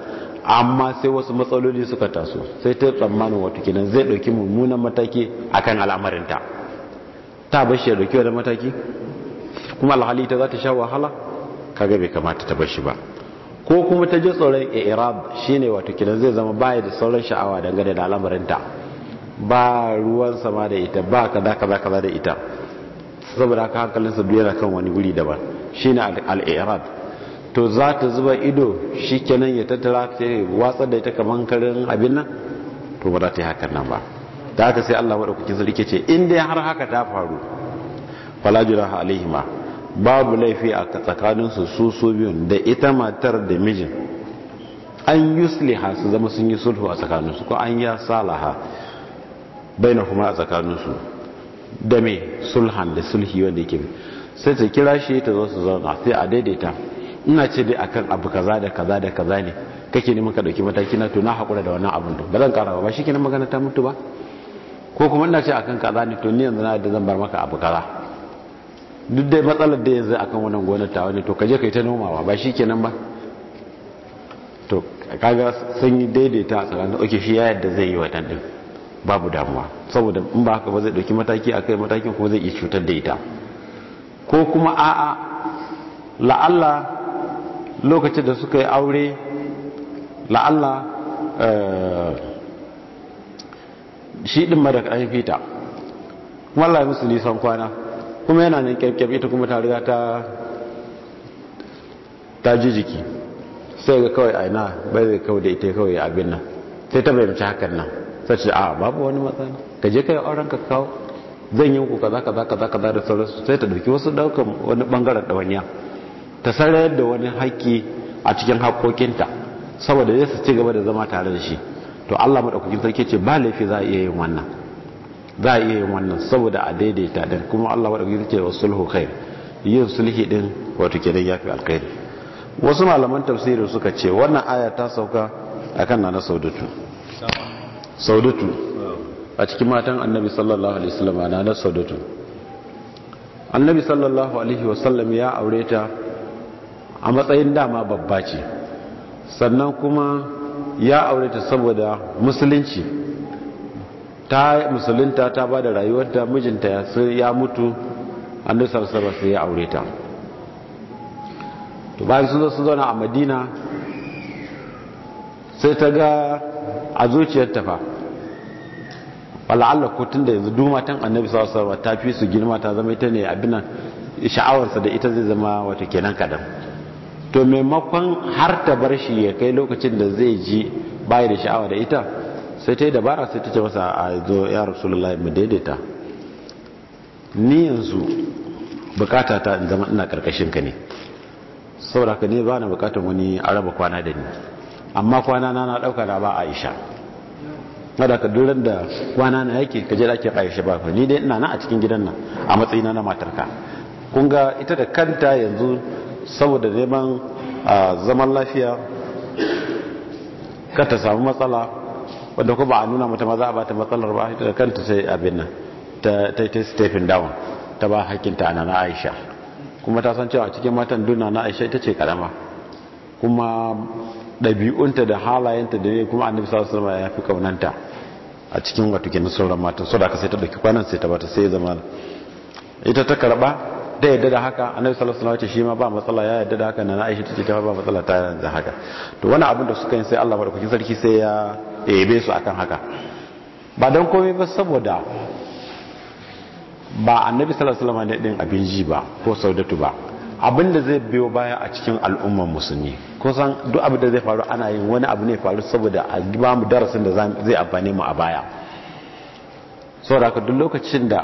amma sai wasu matsaloli suka taso sai ta tsammanin wata kinan zai dauki mummunan mataki akan al'amarinta ta bashi ya dauki wani mataki kuma alhali ta za ta sha wahala ka bai kamata ta bashi ba ko kuma ta je tsoron irab shine wata kinan zai zama baya da sauran sha'awa dangane da al'amarinta ba ruwan sama da ita ba kaza kaza kaza da ita saboda haka hankalinsa duk yana kan wani wuri daban shi ne al'irad to za ta zuba ido shikenan ya tattara ta watsar da ita kaman karin abin nan to ba za ta yi hakan nan ba ta haka sai Allah kukin sarki ce in dai har haka ta faru falajira juraha alaihima babu laifi a tsakaninsu su su biyun da ita matar da mijin an yusliha su zama sun yi sulhu a tsakaninsu ko an yi salaha bai na kuma a tsakaninsu da sulhan da sulhi wanda yake sai ta kira shi ta zo su zauna sai a daidaita ina ce dai akan abu kaza da kaza da kaza ne kake neman ka dauki mataki na to na hakura da wannan abun da ba zan ba shi kenan magana ta mutu ba ko kuma ina ce akan kaza ne to ni yanzu na da zan bar maka abu kaza duk dai matsalar da yanzu akan wannan gonar ta wani to kaje kai ta nomawa ba shi kenan ba to kaga sun yi daidaita a tsakanin oke shi ya yadda zai yi wa din babu damuwa saboda in ba haka ba zai dauki mataki akai matakin kuma zai iya cutar da ita ko kuma a'a la'alla lokacin da suka yi aure la'alla eh, shi din mara ƙarfin fita kuma musu nisan kwana kuma yana nan kyakkyar ita kuma ta riga ta ta ji jiki sai ga kawai aina bai zai kawai da ita kawai abin nan sai ta bayyance hakan nan ta ce a babu wani matsala ka je kai auren ka kawo zan yi ku kaza kaza kaza kaza da sauransu sai ta dauki wasu daukan wani bangaren dawaniya ta sarayar da wani haƙƙi a cikin haƙoƙinta saboda zai su ci gaba da zama tare da shi to Allah madaukakin sarki ce ba laifi za a iya yin wannan za a iya yin wannan saboda a daidaita din kuma Allah madaukakin ce wa sulhu khair yin sulhi din wato kenan fi alkhairi wasu malaman tafsirin suka ce wannan aya ta sauka akan na na saudatu saudatu a cikin matan annabi sallallahu alaihi wasallam na na saudatu annabi sallallahu alaihi wasallam ya aure ta a matsayin dama babba ce sannan kuma ya aure ta saboda musulunci ta musulunta ta ba da rayuwarta mijinta ya mutu annabi sallallahu alaihi wasallam ya aure ta to bayan sun zo su zauna a madina sai ta ga a zuciyarta fa wala'alla ko tun da yanzu dumatan annabi sallallahu alaihi wasallam ta fi su girma ta zama ita ne abin sha'awarsa da ita zai zama wata kenan kadan to maimakon har ta bar shi ya kai lokacin da zai ji bai da sha'awa da ita sai ta yi dabara sai ta ce masa a zo ya rasulullahi mu daidaita ni yanzu bukata ta in zama ina karkashin ka ne saboda ka ne ba na bukatar wani araba kwana da ni amma kwana na na dauka da ba Aisha kada ka duran da kwana na yake ka je da ake Aisha ba ni dai ina nan a cikin gidan nan a matsayina na matarka kun ga ita da kanta yanzu saboda neman zaman lafiya ka ta samu matsala wanda ko ba a nuna mata ma za a bata matsalar ba ita da kanta sai abin nan ta ta stepping down ta ba hakinta ana na Aisha kuma ta san cewa cikin matan duna na Aisha ita ce karama kuma ɗabi'unta da halayenta da ne kuma annabi sallallahu alaihi wasallam ya fi kaunanta a cikin wato kenan sauran matan so da aka sai ta dauki kwanan sai ta bata sai zama ita ta karba da yadda da haka annabi sallallahu alaihi wasallam shi ma ba matsala ya yadda da haka na Aisha tace ta ba matsala ta yadda haka to wani abin da suka yi sai Allah madaukakin sarki sai ya yabe su akan haka ba dan komai ba saboda ba annabi sallallahu alaihi wasallam ne din abin ji ba ko saudatu ba abin da zai biyo baya a cikin al'ummar musulmi kusan duk abin da zai faru ana yin wani abu ne faru saboda a ba mu darasin da zai amfani mu a baya saboda haka duk lokacin da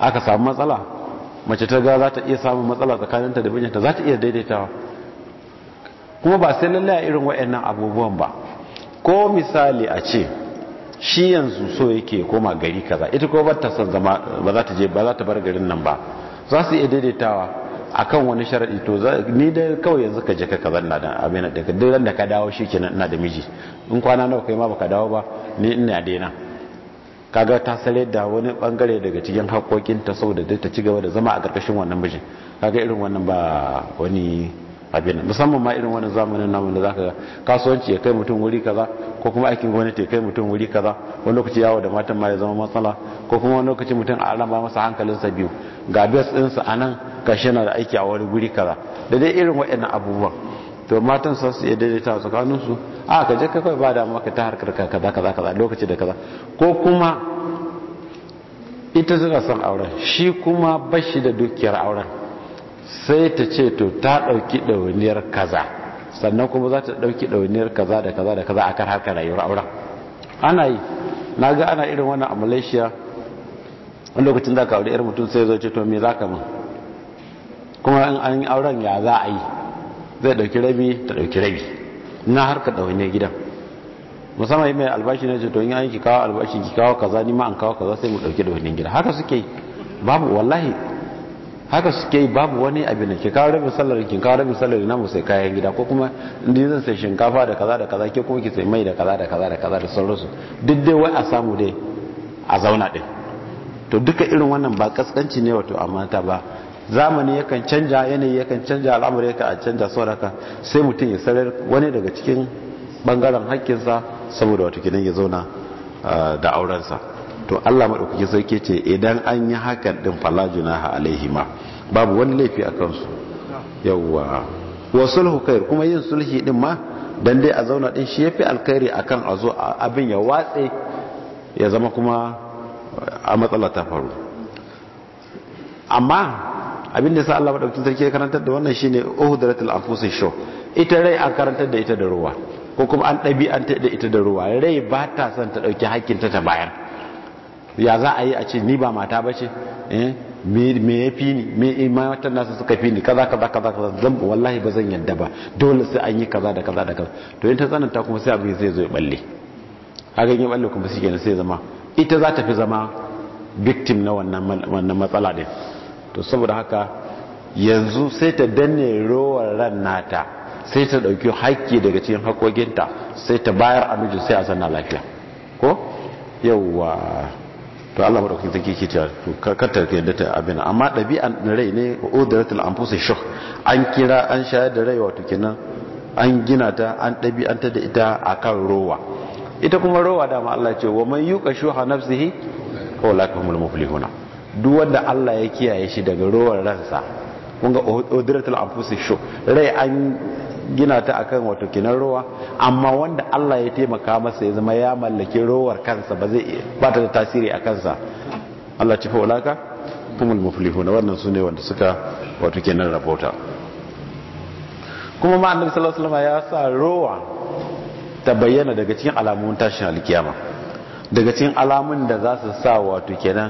aka samu matsala mace ta ga za ta iya samun matsala tsakaninta da mijinta za ta iya daidaitawa kuma ba sai a irin wayannan abubuwan ba ko misali a ce shi yanzu so yake koma gari kaza ita ko ba ta son zama ba za ta je ba za ta bar garin nan ba za su iya daidaitawa akan wani sharadi to ni da kawai yanzu ka je ka kaza ina da abin da ka duk da ka dawo shi kenan ina da miji in kwana nawa kai ma baka dawo ba ni ina daina kaga ta sale da wani bangare daga cikin haƙoƙin ta saboda ta ci gaba da zama a ƙarƙashin wannan mijin kaga irin wannan ba wani abinan musamman ma irin wani zamanin namun da zaka ga kasuwanci ya kai mutum wuri kaza ko kuma aikin gwamnati ya kai mutum wuri kaza wani lokaci yawo da matan ma ya zama matsala ko kuma wani lokaci mutum a alama masa hankalinsa biyu ga bes ɗinsa a nan kashe na da aiki a wani wuri kaza da dai irin waɗannan abubuwan to matan sa su iya daidaita tsakanin su a ka je kakwai ba da maka ta harkar ka kaza kaza kaza lokaci da kaza ko kuma ita zira san auren shi kuma bashi da dukiyar auren sai ta ce to ta ɗauki ɗawainiyar kaza sannan kuma za ta ɗauki ɗawainiyar kaza da kaza da kaza a kan haka rayuwar auren ana yi na ga ana irin wannan a malaysia wani lokacin za ka wuri irin mutum sai zoce to me za ka mun kuma in an yi auren ya za a yi zai ɗauki rabi ta ɗauki rabi na harkar ɗawainiyar gidan musamman mai albashi ne ce to yi an ki kawo albashi ki kawo kaza ni ma an kawo kaza sai mu ɗauki ɗawainiyar gida haka suke babu wallahi haka suke babu wani abin da ke kawo rabin sallar kin kawo rabin sallar na sai kayan gida ko kuma inda zan sai shinkafa da kaza da kaza ke kuma ki sai mai da kaza da kaza da kaza da sauransu duk dai wai a samu dai a zauna dai. to duka irin wannan ba kaskanci ne wato amma ta ba zamani yakan canja yanayi yakan canja al'amari yakan canja sauraka sai mutum ya sarar wani daga cikin bangaren hakkinsa saboda wato kidan ya zauna ah, da aurensa to Allah madaukake sarki ce idan an yi hakan ɗin fala junaha alaihima babu wani laifi a kansu yawwa wa sulhu kai kuma yin sulhi din ma don dai a zauna din shi ya alkhairi akan a zo abin ya watse ya zama kuma a matsala ta faru amma abin da sa Allah madaukakin sarki ya karantar da wannan shine uhdratul anfusish shaw ita rai an karantar da ita da ruwa ko kuma an ɗabi'anta da ita da ruwa rai ba ta son ta ɗauki hakkinta ta bayar ya za a yi a ce ni ba mata ba ce eh, me ya fi ni me eh, matan nasu suka fi ni kaza kaza kaza kaza zan wallahi ba zan yadda ba dole sai an yi kaza da kaza da kaza to yin ta tsananta kuma sai abin zai zo ya balle haka ya balle kuma shi sai zama ita za ta fi zama victim na wannan matsala din to saboda haka yanzu sai ta danne rowar ran nata sai ta dauki haƙƙi daga cikin haƙoƙinta sai ta bayar a mijin sai a zanna lafiya ko yawwa to Allah madaukakin sarki ke cewa to karkatar ka yadda ta abin amma ɗabi'an rai ne udaratul anfusi shuk an kira an shayar da rai wato kenan an gina ta an ɗabi'anta da ita akan rowa ita kuma rowa da ma Allah ce wa man yuqashu shuha nafsihi fa ulaka muflihuna duk wanda Allah ya kiyaye shi daga rowar ransa kun ga anfusi shuk rai an gina ta kan wato kinan rowa amma wanda Allah ya taimaka masa ya zama ya mallake rowar kansa ba zai ba ta da tasiri a kansa Allah ci fa ulaka kumul muflihuna wannan su ne wanda suka wato kinan rabota kuma ma annabi sallallahu alaihi wasallam ya sa rowa ta bayyana daga cikin alamun tashin alkiyama daga cikin alamun da za su sa wato kenan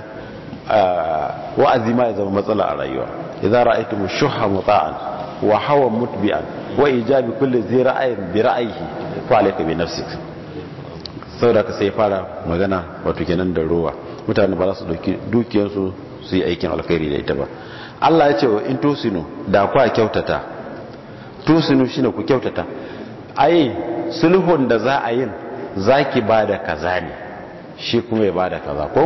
ah, wa'azi ma ya zama matsala a rayuwa idza ra'aytum shuhha muta'an wa hawa mutbi'an wa ijabi kulli zai ra'ayin bi ra'ayihi fa alayka bi nafsik saboda ka sai fara magana wato kenan da ruwa mutane ba za su doki dukiyarsu su yi aikin alkhairi da ita ba Allah ya ce wa in tusinu da kwa kyautata tusinu shine ku kyautata ai sulhun da za a yin zaki bada kaza ne shi kuma ya bada kaza ko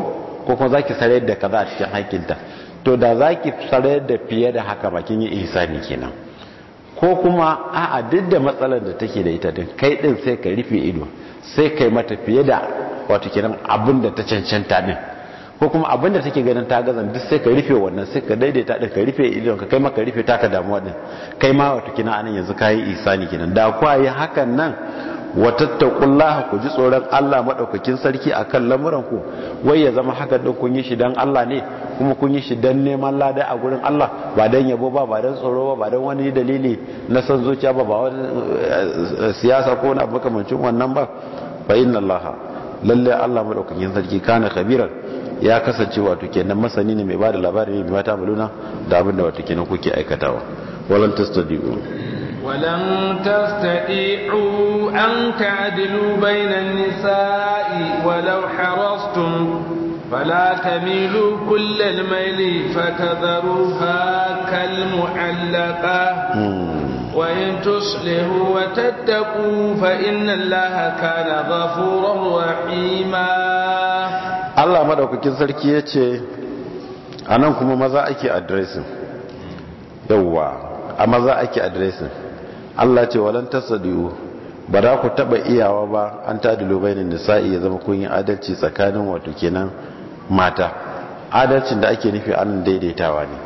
ko kuma zaki sayar da kaza a cikin hakinta to da za ki tsare da fiye da haka ba kin yi ihsani kenan ko kuma a'a duk da matsalar da take da ita din kai din sai ka rufe ido sai kai mata fiye da wato kenan abin da ta cancanta din ko kuma abin da take ganin ta gazan duk sai ka rufe wannan sai ka daidaita din ka rufe idon ka kai ma ka rufe taka damuwa din kai ma wato kina anan yanzu kai ihsani kenan da kwa yi hakan nan wa ku ji tsoron Allah madaukakin sarki akan lamuran ku wai ya zama haka din kun yi shi dan Allah ne kuma kun yi shi dan neman lada a gurin Allah ba dan yabo ba ba dan tsoro ba ba dan wani dalili na san zuciya ba ba wani eh, eh, siyasa ko na makamancin wannan ba fa inna Allah lalle Allah madaukakin sarki kana khabiran ya kasance wato kenan masani ne mai bada labari ne mai mata baluna da abin da wato kenan kuke aikatawa walan tastadiu ولم تستطيعوا أن تعدلوا بين النساء ولو حرصتم فلا تميلوا كل الميل فتذروها كالمعلقة وإن تصلحوا وتتقوا فإن الله كان غفورا رحيما الله مدوكاkin sarki yace anan kuma maza ake يوه yawwa a maza ake addressing Allah ce walan tasadiyu ba za ku taba iyawa ba an tadilu bainin nisa'i ya zama kun yi adalci tsakanin wato kenan mata adalcin da ake nufi an daidaitawa ne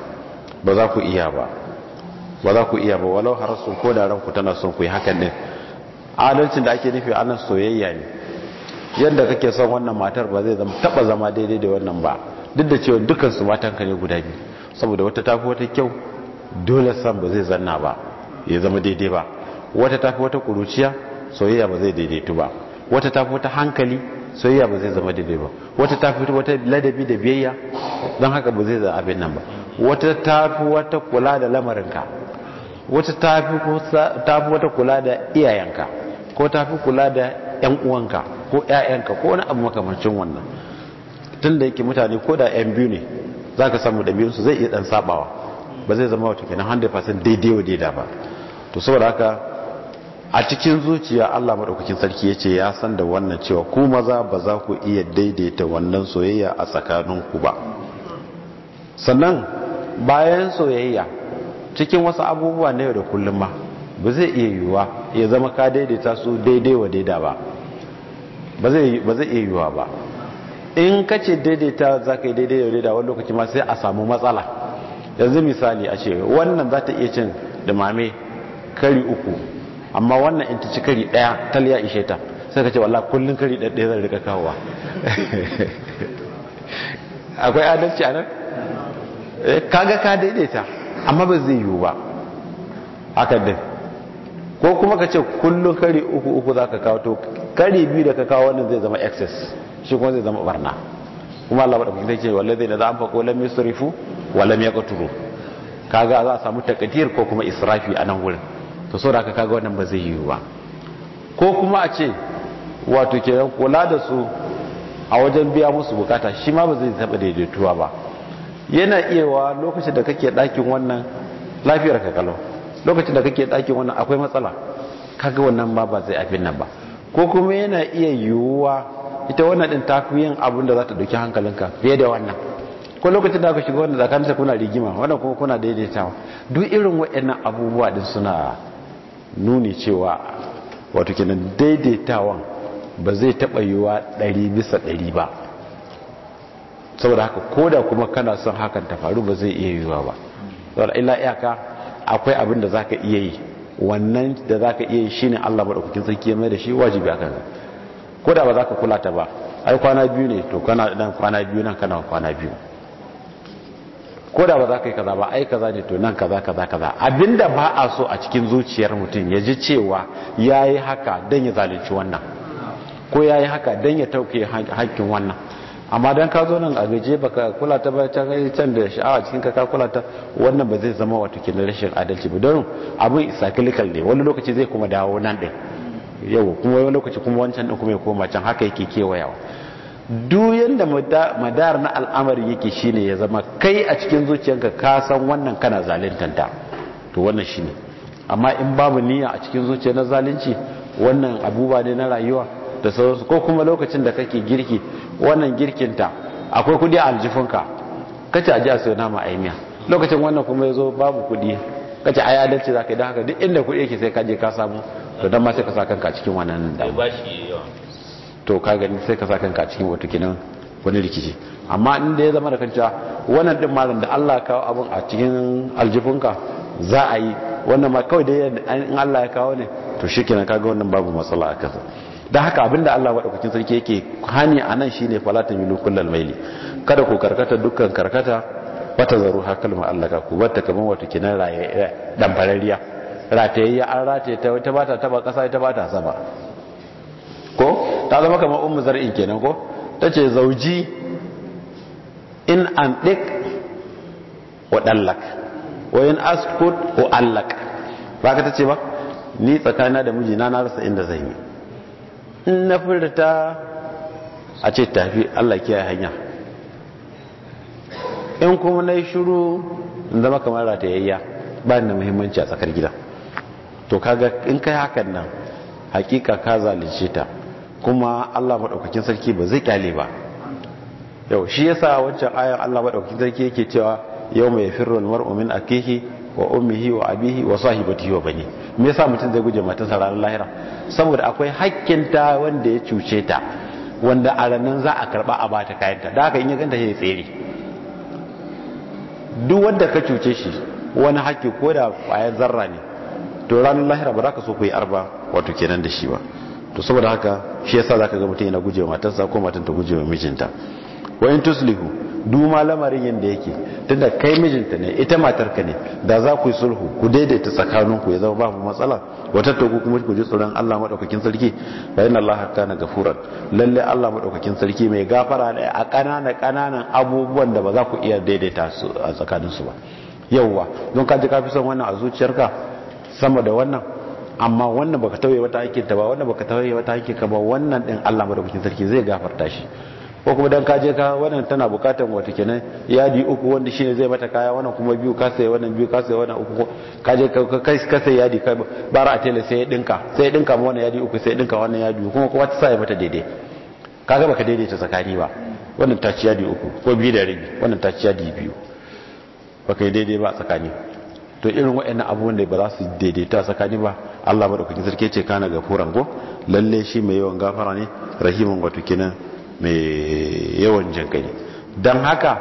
ba za ku iya ba ba za ku iya ba walau har sun ko da ranku tana son ku yi hakan din adalcin da ake nufi anan soyayya ne yadda kake son wannan matar ba zai zama taba zama daidai da wannan ba duk da cewa dukkan su matan ka ne guda biyu saboda wata tafi wata kyau dole san ba zai zanna ba ya zama daidai ba wata tafi wata kuruciya soyayya ba zai daidaitu ba wata tafi wata hankali soyayya ba zai zama daidai ba wata tafi wata ladabi da biyayya don haka ba zai zama abin nan ba wata tafi wata kula da lamarinka wata tafi wata kula da iyayenka ko tafi kula da yan uwanka ko ƴaƴanka ko wani abu makamancin wannan tunda yake mutane ko da yan biyu ne zaka samu su zai iya dan sabawa ba zai zama wata kenan 100% daidai wa daidai ba to saboda haka a cikin zuciya Allah madaukakin sarki ya ce ya san da wannan cewa ku maza ba za ku iya daidaita wannan soyayya a tsakaninku ba sannan bayan soyayya cikin wasu abubuwa na yau da kullum ma ba zai iya yiwuwa ya zama ka daidaita su daidai wa daida ba ba zai iya yiwuwa ba in ka ce daidaita za ka yi daidai wa daida wani lokaci ma sai a samu matsala yanzu misali a ce wannan za ta iya cin dumame kari uku amma wannan in ta ci kari daya tal ya ishe ta sai ka ce wallah kullun kari da ɗaya zan rika kawowa akwai adalci a nan eh, kaga ka daidaita amma ba zai yiwu ba haka din ko kuma ka ce kullun kari uku uku za ka kawo to kari biyu da ka kawo wannan zai zama excess shi kuma zai zama barna kuma Allah maɗaukaki zai ce zai na za an fako lam yusrifu wa lam yaqturu kaga za a samu takadir ko kuma israfi a nan wurin to saboda haka kaga wannan ba zai yiwu ba ko kuma a ce wato kenan kula da su a wajen biya musu bukata shi ma ba zai taɓa daidaituwa ba yana iyawa lokacin da kake ɗakin wannan lafiyar ka kalau lokacin da kake ɗakin wannan akwai matsala kaga wannan ma ba zai abin nan ba ko kuma yana iya yiwuwa ita wannan din ta yin abin da za ta ɗauki hankalinka fiye da wannan ko lokacin da aka shiga wannan tsakaninsa kuna rigima wannan kuma kuna daidaitawa duk irin waɗannan abubuwa din suna nuni cewa wato kenan daidaitawan ba zai taɓa wa ɗari bisa ɗari ba saboda haka koda kuma kana son hakan ta faru ba zai iya yiwuwa ba saboda illa iyaka akwai abin da za ka iya yi wannan da za ka iya yi shi ne Allah madaukakin sarki mai da shi wajibi akan ko koda ba za ka kula ta ba ai kwana biyu ne to kana ɗan kwana biyu nan kana kwana biyu ko da ba za ka yi kaza ba ai kaza ne to nan kaza kaza kaza abinda ba a so a cikin zuciyar mutum ya ji cewa ya yi haka don ya zalunci wannan ko ya yi haka don ya tauke hakkin wannan amma don ka zo nan a gaje ba ka kula ta bai can da sha'awa cikin ka kula ta wannan ba zai zama wata ke rashin adalci ba don abin isakilikal ne wani lokaci zai kuma dawo nan ɗin yau kuma wani lokaci kuma wancan ɗin kuma ya koma can haka yake kewayawa duyan da madar na al'amari yake shine ya zama kai a cikin zuciyanka ka san wannan kana zalintanta to wannan shine amma in babu niyya a cikin zuciya na zalunci wannan abubuwa ne na rayuwa da sauransu ko kuma lokacin da kake girki wannan girkinta akwai kudi a aljifinka kace ji a sayo nama aimiya lokacin wannan kuma ya zo babu kudi kace yi adalci zaka yi don haka duk inda kudi yake sai ka je ka samu to don ma sai ka sa kanka cikin wannan da to ka gani sai ka sa kanka a cikin wata kinan wani rikici amma in da ya zama da kanta wannan din malam da Allah kawo abun a cikin aljifinka za a yi wannan ma kawai dai in Allah ya kawo ne to shi kenan kaga wannan babu matsala a kasa da haka abinda Allah madaukakin sarki yake hani a nan shine falata yulu kullal maili kada ku karkata dukkan karkata wata zaru hakal ka ku wata kaman wata kinan raye dan farariya ratayayya an rataye ta bata taba kasa ta bata sama ko ta zama kamar ummu zar'in kenan ko tace zauji in an dik wa dallak wa in askut wa allak ba ka tace ba ni tsakana da mijina na rasa inda zan yi na furta a ce tafi Allah kiyaye hanya in kuma na yi shuru in zama kamar ratayayya ba da muhimmanci a tsakar gida to kaga in kai hakan nan hakika ka zalunce ta kuma Allah maɗaukakin sarki ba zai kyale ba yau shi yasa wancan ayan Allah maɗaukakin sarki yake cewa yau mai firron umin a kehi wa umihi wa abihi wa tiyo ba ne me yasa mutum zai guje matarsa ranar lahira saboda akwai hakkin ta wanda ya cuce ta wanda a ranar za a karba a bata kayanta da haka in ya ganta sai ya tsere duk wanda ka cuce shi wani hakki ko da ƙwayar zarra ne to ranar lahira ba za ka so ku yi arba wato kenan da shi ba to saboda haka shi yasa zaka ga mutum yana gujewa matarsa ko matan ta gujewa mijinta wa in tuslihu duma lamarin yanda yake tunda kai mijinta ne ita matarka ne da za ku yi sulhu ku daidaita tsakanin ku ya zama babu matsala wata to ku kuma ku ji tsoron Allah madaukakin sarki fa inna Allah kana gafuran lalle Allah madaukakin sarki mai gafara ne a kanana kananan abubuwan da ba za ku iya daidaita su a tsakaninsu ba yauwa don ka ji ka fi son wannan a zuciyarka sama da wannan amma wannan baka tauye wata ake ta ba wannan baka tauye wata ake ka ba wannan din Allah madaukakin sarki zai gafarta shi ko kuma dan kaje ka wannan tana bukatan wata kenan yadi uku wanda shine zai mata kaya wannan kuma biyu ka sai wannan biyu ka sai wannan uku kaje ka kai ka sai yadi ka bara a tele sai dinka sai dinka ma wannan yadi uku sai dinka wannan yadi uku kuma kowa ta sai mata daidai kaga baka ta tsakani ba wannan ta ci yadi uku ko biyu da rabi wannan ta ci yadi biyu baka yi daidai ba tsakani to irin waɗannan abubuwan da ba za su daidaita tsakani ba Allah madaukakin sarki ce kana gafuran ko lalle shi mai yawan gafara ne rahiman wato kenan mai yawan jinkai dan haka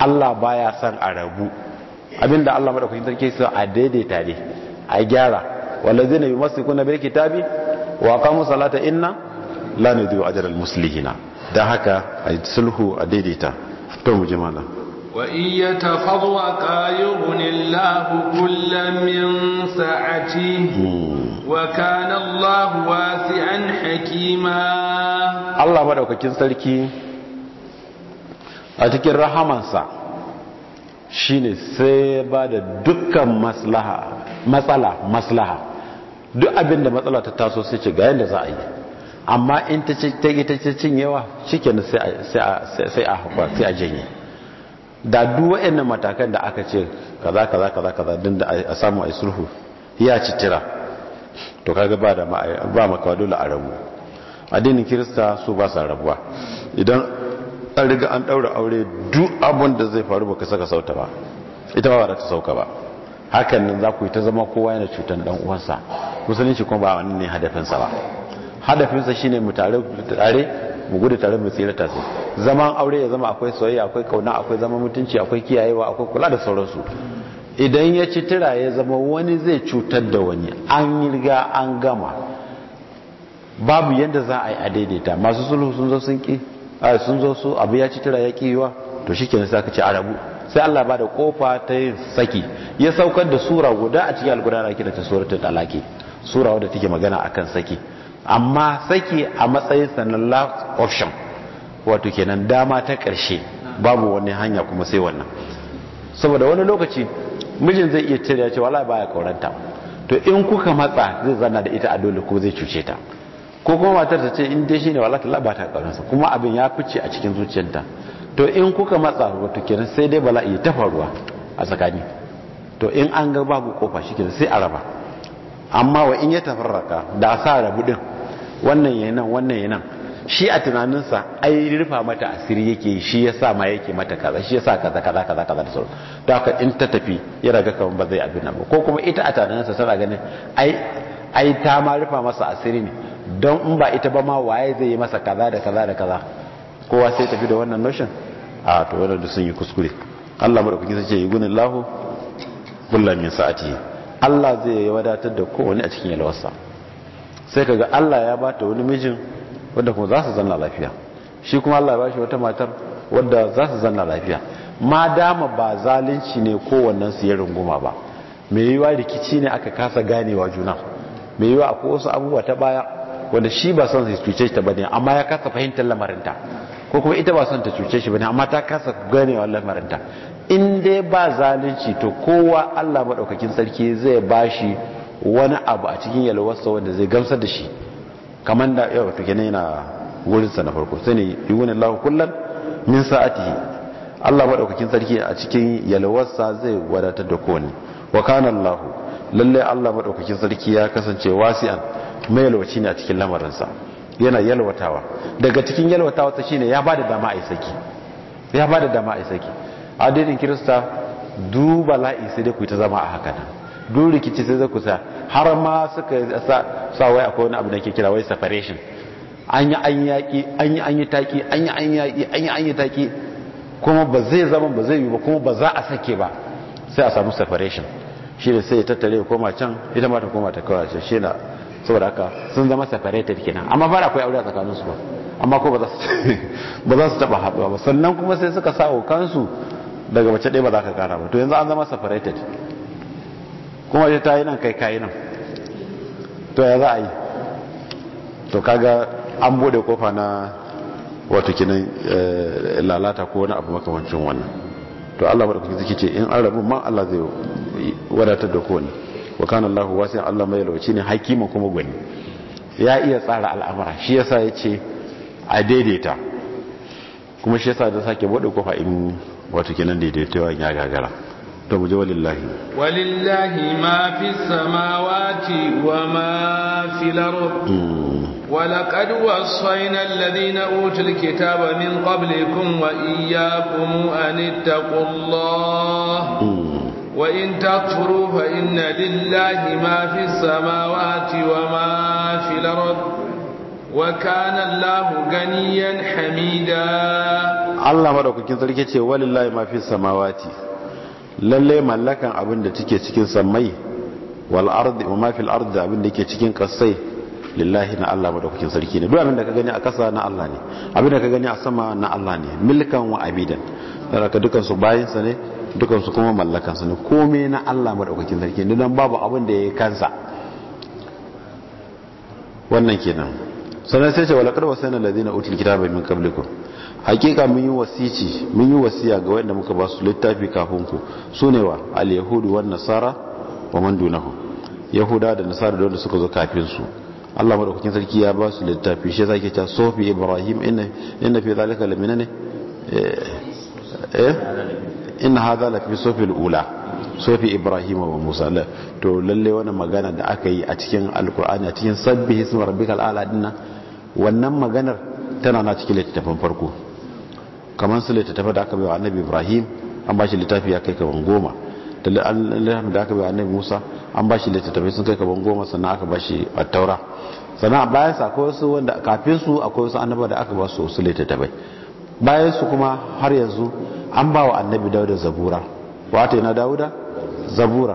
Allah baya san a rabu abinda Allah madaukakin sarki sai a daidaita ne a gyara walazina yumassikuna bil kitabi wa aqamu salata inna la nudiyu ajral musulihina dan haka a sulhu a daidaita to mu وإن يتفرقا يغن الله كلا من سعته وكان الله واسعا حكيما الله مدوكاكين سلكي a cikin rahamansa shine sai ba da dukkan maslaha matsala maslaha duk abinda matsala ta taso sai ce ga yadda za yi amma in ta ce ta cinyewa shi kenan sai a haƙwa sai a janye da duwa waɗannan matakan da aka ce kaza kaza kaza kaza din da a samu ai sulhu ya ci tira to kaga ba da ba makawa a rabu addinin kirista su ba sa rabuwa idan an riga an daura aure du abun da zai faru baka saka sauta ba ita ba ba ta sauka ba hakan nan za ku yi ta zama kowa yana cutar dan uwansa musulunci kuma ba wani ne hadafinsa ba hadafinsa shine mu tare mu gudu tare mu tsira tasi zaman aure ya zama akwai soyayya akwai kauna akwai zaman mutunci akwai kiyayewa akwai kula da sauransu idan ya ci tira ya zama wani zai cutar da wani an riga an gama babu yadda za a yi a masu sulhu sun zo sun ki sun zo su abu ya ci tira ya kiwa to kenan sai ka ci arabu sai Allah ba da kofa ta yin saki ya saukar da sura guda a cikin alkur'ani kira ta suratul talaqi sura wadda take magana akan saki amma saki a matsayin sanan last option wato kenan dama ta ƙarshe babu wani hanya kuma sai wannan saboda wani lokaci mijin zai iya cewa cewa wallahi baya kauranta to in kuka matsa zai zanna da ita a dole ko zai cuce ta ko kuma matar ta ce in dai shine wallahi Allah ba ta kauransa kuma abin ya fice a cikin zuciyarta to in kuka matsa wato kenan sai dai bala'i ta faruwa a tsakani to in an ga babu kofa shikenan sai a raba amma wa in ya tafarraka da sa rabu ɗin. wannan ya nan wannan ya nan shi a tunaninsa ai rufa mata asiri yake shi ya sa ma yake mata kaza shi ya sa kaza kaza kaza kaza da sauran da haka in ta tafi ya raga kamar ba zai abin nan ba ko kuma ita a tunaninsa tana ganin ai ai ta ma rufa masa asiri ne don in ba ita ba ma waye zai yi masa kaza da kaza da kaza kowa sai tafi da wannan notion a to wannan sun yi kuskure Allah madaukaki sai ce yugunin lahu kullu min sa'ati Allah zai wadatar da kowane a cikin yalwarsa sai kaga Allah ya bata wani mijin wanda kuma za su zanna lafiya shi kuma Allah ya bashi wata matar wadda za su zanna lafiya ma dama ba zalunci ne kowannen su ya runguma ba mai yiwa rikici ne aka kasa ganewa juna mai yiwa akwai wasu abubuwa ta baya wanda shi ba son su cuce ta bane amma ya kasa fahimtar lamarinta ko kuma ita ba son ta cuce shi bane amma ta kasa ganewa lamarinta in dai ba zalunci to kowa Allah madaukakin sarki zai bashi wani abu a cikin yalwarsa wanda zai gamsar da shi kamar da yau take ne yana wurinsa na farko sai ne yi wani kullum min sa'atihi Allah maɗaukakin sarki a cikin yalwarsa zai wadatar da kone wa kana Allah lalle Allah maɗaukakin sarki ya kasance wasi'an mai yalwaci ne a cikin lamarinsa yana yalwatawa daga cikin yalwatawa ta shine ya bada dama a saki ya bada dama a saki addinin kirista duba la'i sai dai ku ta zama a haka nan duk rikici sai zai kusa har ma suka sa wai akwai wani abu da ke kira wai separation an yi an yaƙi an yi an yi taƙi an yi an yaƙi an yi an yi taƙi kuma ba zai zama ba zai yi ba kuma ba za a sake ba sai a samu separation shi ne sai ya tattare koma can ita mata ta koma ta kawai shi na saboda haka sun zama separated kenan amma ba da akwai aure a tsakanin su ba amma ko ba za su taba haɗuwa ba sannan kuma sai suka sa kansu daga mace ɗaya ba za ka kara ba to yanzu an zama separated kuma ita ta yi nan kai kayi nan to ya za a yi to kaga an bude kofa na wato kinan eh, lalata ko wani abu makamancin wannan to Allah kuke zuke ce in an rabu ma Allah zai wadatar da kowane wa kana Allah wasi Allah mai lauci ne hakima kuma gwani ya iya tsara al'amara shi yasa ya ce a daidaita kuma shi yasa da sake bude kofa in wato kinan daidaitawa ya gagara to mu je walillahi walillahi ma fi samawati wa ma fil ard ولقد وصينا الذين أوتوا الكتاب من قبلكم وإياكم أن اتقوا الله وإن تكفروا فإن لله ما في السماوات وما في الأرض وكان الله غنيا حميدا الله مدوكين سركي ce walillahi ma fi samawati lalle mallakan abin da take cikin sammai wal ardi wa ma fil ardi abin da yake cikin kasai lillahi na Allah kuke sarki ne duk abin da ka gani a kasa na Allah ne abin da ka gani a sama na Allah ne milkan wa abidan haka dukan su bayin sa ne dukan su kuma mallakan sa ne komai na Allah kuke sarki ne dan babu abin da yake kansa wannan kenan sanan sai ce walaqad wasana alladhina utul kitaba min qablikum hakika mun yi wasici mun yi wasiya ga wanda muka ba su littafi kafin ku ne wa al-yahudu nasara wa man dunahu yahuda da nasara da wanda suka zo kafin su Allah madaukakin sarki ya ba su littafi shi zake ta sofi ibrahim inna inna fi zalika lamina ne eh, eh inna hadha la fi sofi al sofi ibrahim wa musa la to lalle wannan magana da aka yi a cikin alqur'ani a cikin sabbihi ismi rabbikal a'la dinna wannan maganar tana na cikin littafin farko kamar su littattafa da aka bai wa annabi ibrahim an ba shi littafi ya kai kaban goma da littafi da aka bai wa annabi musa an ba shi littattafai sun kai kaban goma sannan aka ba shi a taura sannan bayan su akwai wasu wanda kafin su akwai wasu annaba da aka ba su wasu littattafai bayan su kuma har yanzu an ba wa annabi dauda zabura wata yana dauda zabura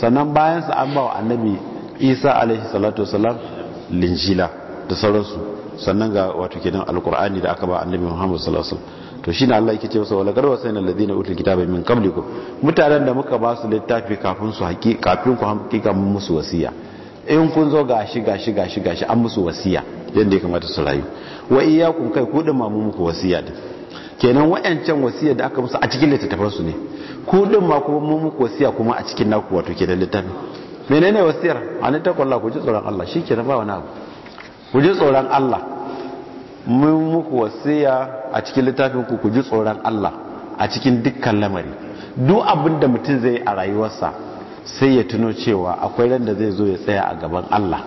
sannan bayan su an ba wa annabi isa alaihi salatu wasalam linjila da sauransu sannan ga wato kenan alkur'ani da aka ba annabi muhammad sallallahu alaihi wasallam to shi na Allah yake ce masa walaqad wasayna alladhina utul kitabai min qablikum mutanen da muka ba su littafi kafin su haƙi kafin ku haƙiƙa musu wasiya in kun zo gashi gashi gashi gashi an musu wasiya yadda ya kamata su rayu wa iyyakum kai ku din mamu muku wasiya din kenan wayancan wasiya da aka musu a cikin littattafan su ne ku din ma kuma mu muku wasiya kuma a cikin naku wato ke da littafi menene wasiyar an ta kullu ku ji tsoron Allah shikenan ba wani abu ku ji tsoron Allah mun muku wasiya a cikin littafin ku ku ji tsoron Allah a cikin dukkan lamari duk abin da mutum zai a rayuwarsa sai ya tuno cewa akwai ran zai zo ya tsaya a gaban Allah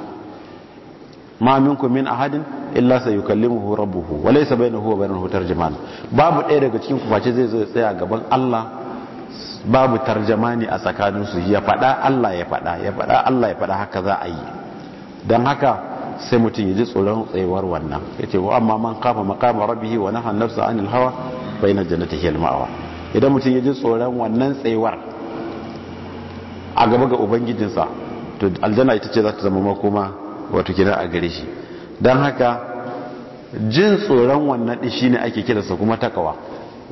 ma minkum min ahadin illa sayukallimuhu rabbuhu wa laysa bainahu wa bainahu tarjuman babu ɗaya daga cikin ku face zai zo ya tsaya a gaban Allah babu tarjumani a tsakaninsu ya faɗa Allah ya faɗa ya faɗa Allah ya faɗa haka za a yi dan haka sai mutum ya ji tsoron tsayuwar wannan yace wa amma man kafa maqama rabbih wa nahan nafsa anil hawa fa inna jannata ma'awa idan mutum ya ji tsoron wannan tsayuwar a gaba ga ubangijinsa to aljanna ita ce za ta zama makoma wato kira a gare shi dan haka jin tsoron wannan din shine ake sa kuma takawa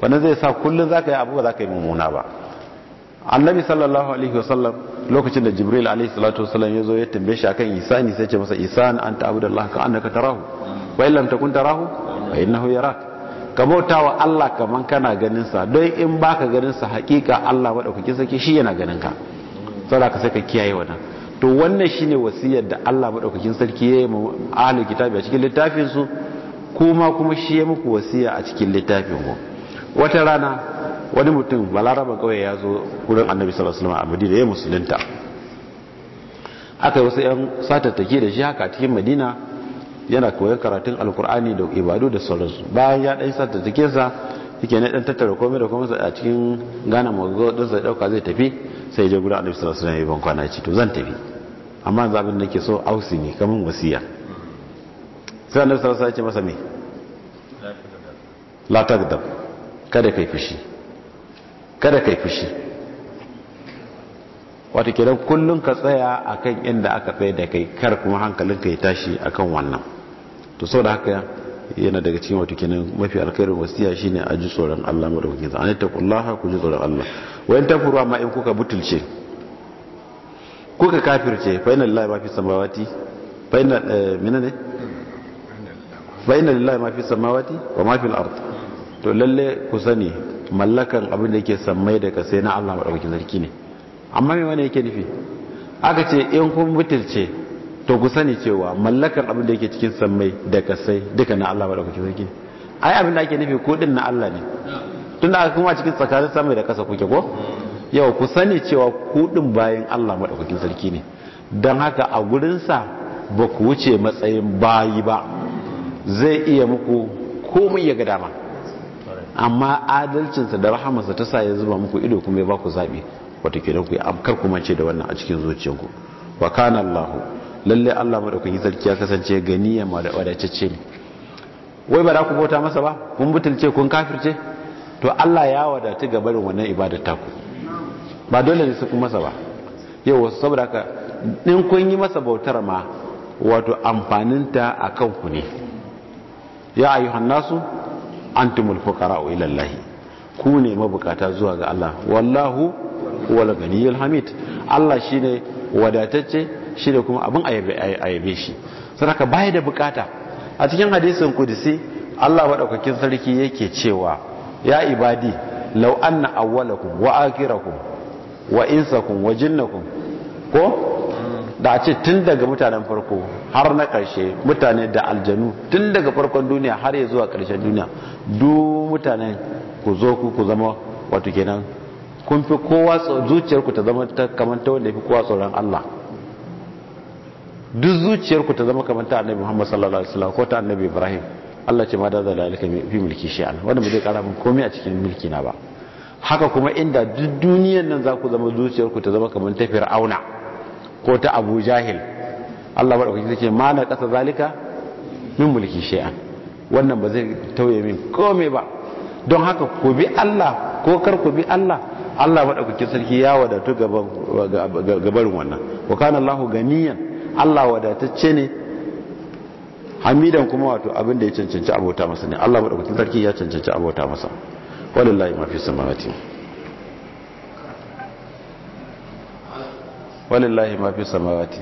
wannan zai sa kullun zaka yi abu ba zaka yi mummuna ba annabi sallallahu alaihi wasallam lokacin da jibril alaihi salatu wasallam ya zo ya tambaye shi akan isani sai ce masa an anta abudallah ka annaka tarahu wa in takun tarahu fa innahu yarak ka bautawa Allah kaman kana ganin sa don in baka ganin sa hakika Allah madaukakin sarki shi yana ganin ka saboda ka sai ka kiyaye wannan to wannan shine wasiyar da Allah madaukakin sarki ya yi ma ahlul kitabi a cikin littafin su kuma kuma shi ya muku wasiya a cikin littafin ku wata rana wani mutum balaraban kawai ya zo wurin annabi sallallahu alaihi wasallam a madina ya musulunta aka yi wasu yan satattaki da shi haka cikin madina yana koyon karatun alkur'ani da ibadu da sauransu bayan ya ɗan satattake sa yake na ɗan tattara komai da komai a cikin gana mawazo ɗin sai ɗauka zai tafi sai je gudan annabi sallallahu alaihi ya ban kwana ci to zan tafi amma yanzu abin da ke so ausi ne kaman wasiya sai annabi sallallahu alaihi ya ce masa me la tagdab kada kai fushi kada kai fushi wata kidan kullum ka tsaya akan inda aka tsaye da kai kar kuma hankalinka ya tashi akan wannan to saboda haka yana daga cikin wato kenan mafi alkhairin wasiya shine a ji tsoron Allah madaukakin sa ta kullaha ku ji tsoron Allah wayan tafuru ma in kuka butulce kuka kafirce fa inna lillahi ma fi samawati fa inna eh, minane fa inna lillahi ma fi samawati wa ma fi al-ard to lalle ku sani mallakan abin da yake sammai da sai na Allah madaukakin sarki ne amma me wani yake nufi aka ce in kun mutilce to ku sani cewa mallakan abin da yake cikin sammai da sai duka na Allah madaukakin sarki ai abin da ake nufi ko din na Allah ne tunda aka kuma cikin tsakanin sammai da kasa kuke ko yau ku sani cewa ku din bayan Allah madaukakin sarki ne don haka a gurinsa ba ku wuce matsayin bayi ba zai iya muku komai ya ga dama amma adalcinsa da rahamarsa ta sa ya zuba muku ido kuma ya baku zaɓi watakila ku yi amkar kuma ce da wannan a cikin zuciyarku wa kana Allah lalle Allah yi sarki ya kasance ganiya ma wadatacce ne wai ba za ku bauta masa ba kun butulce kun kafirce to Allah ya wadatu ga barin wannan ibadar taku ba dole ne su kuma masa ba yau wasu saboda haka in kun yi masa bautar ma wato amfaninta kan ku ne ya ayyuhan antumul fuqara ila Allah ku ne mabukata zuwa ga Allah wallahu wal ganiyul hamid Allah shine wadatacce shine kuma abin ayabe shi saraka baya da bukata a cikin hadisin kudusi Allah madaukakin sarki yake cewa ya ibadi law anna awwalakum wa akhirakum wa insakum wa jinnakum ko da a ce tun daga mutanen farko har na ƙarshe mutane da aljanu tun daga farkon duniya har ya zuwa ƙarshen duniya du mutanen ku zo ku ku zama wato kenan kun fi kowa zuciyarku ta zama kamar ta wanda fi kowa tsoron Allah duk zuciyarku ta zama kamar ta annabi Muhammad sallallahu alaihi wasallam ko ta annabi Ibrahim Allah ce ma da zalalika fi mulki shi Allah wanda bai karamin komai a cikin mulki na ba haka kuma inda duk duniyar nan za ku zama zuciyarku ta zama kamar ta fir'auna ko ta abu jahil Allah maɗaukaki ce ma na ƙasa zalika min mulki shi'a wannan ba zai tauye min kome ba don haka ku bi Allah ko kar ku bi Allah Allah maɗaukaki sarki ya wadatu gabarin wannan wa kana Allah ganiyan Allah wadatacce ne hamidan kuma wato abin da ya cancanci abota masa ne Allah maɗaukaki sarki ya cancanci abota masa walillahi ma fi samawati walillahi ma fi samawati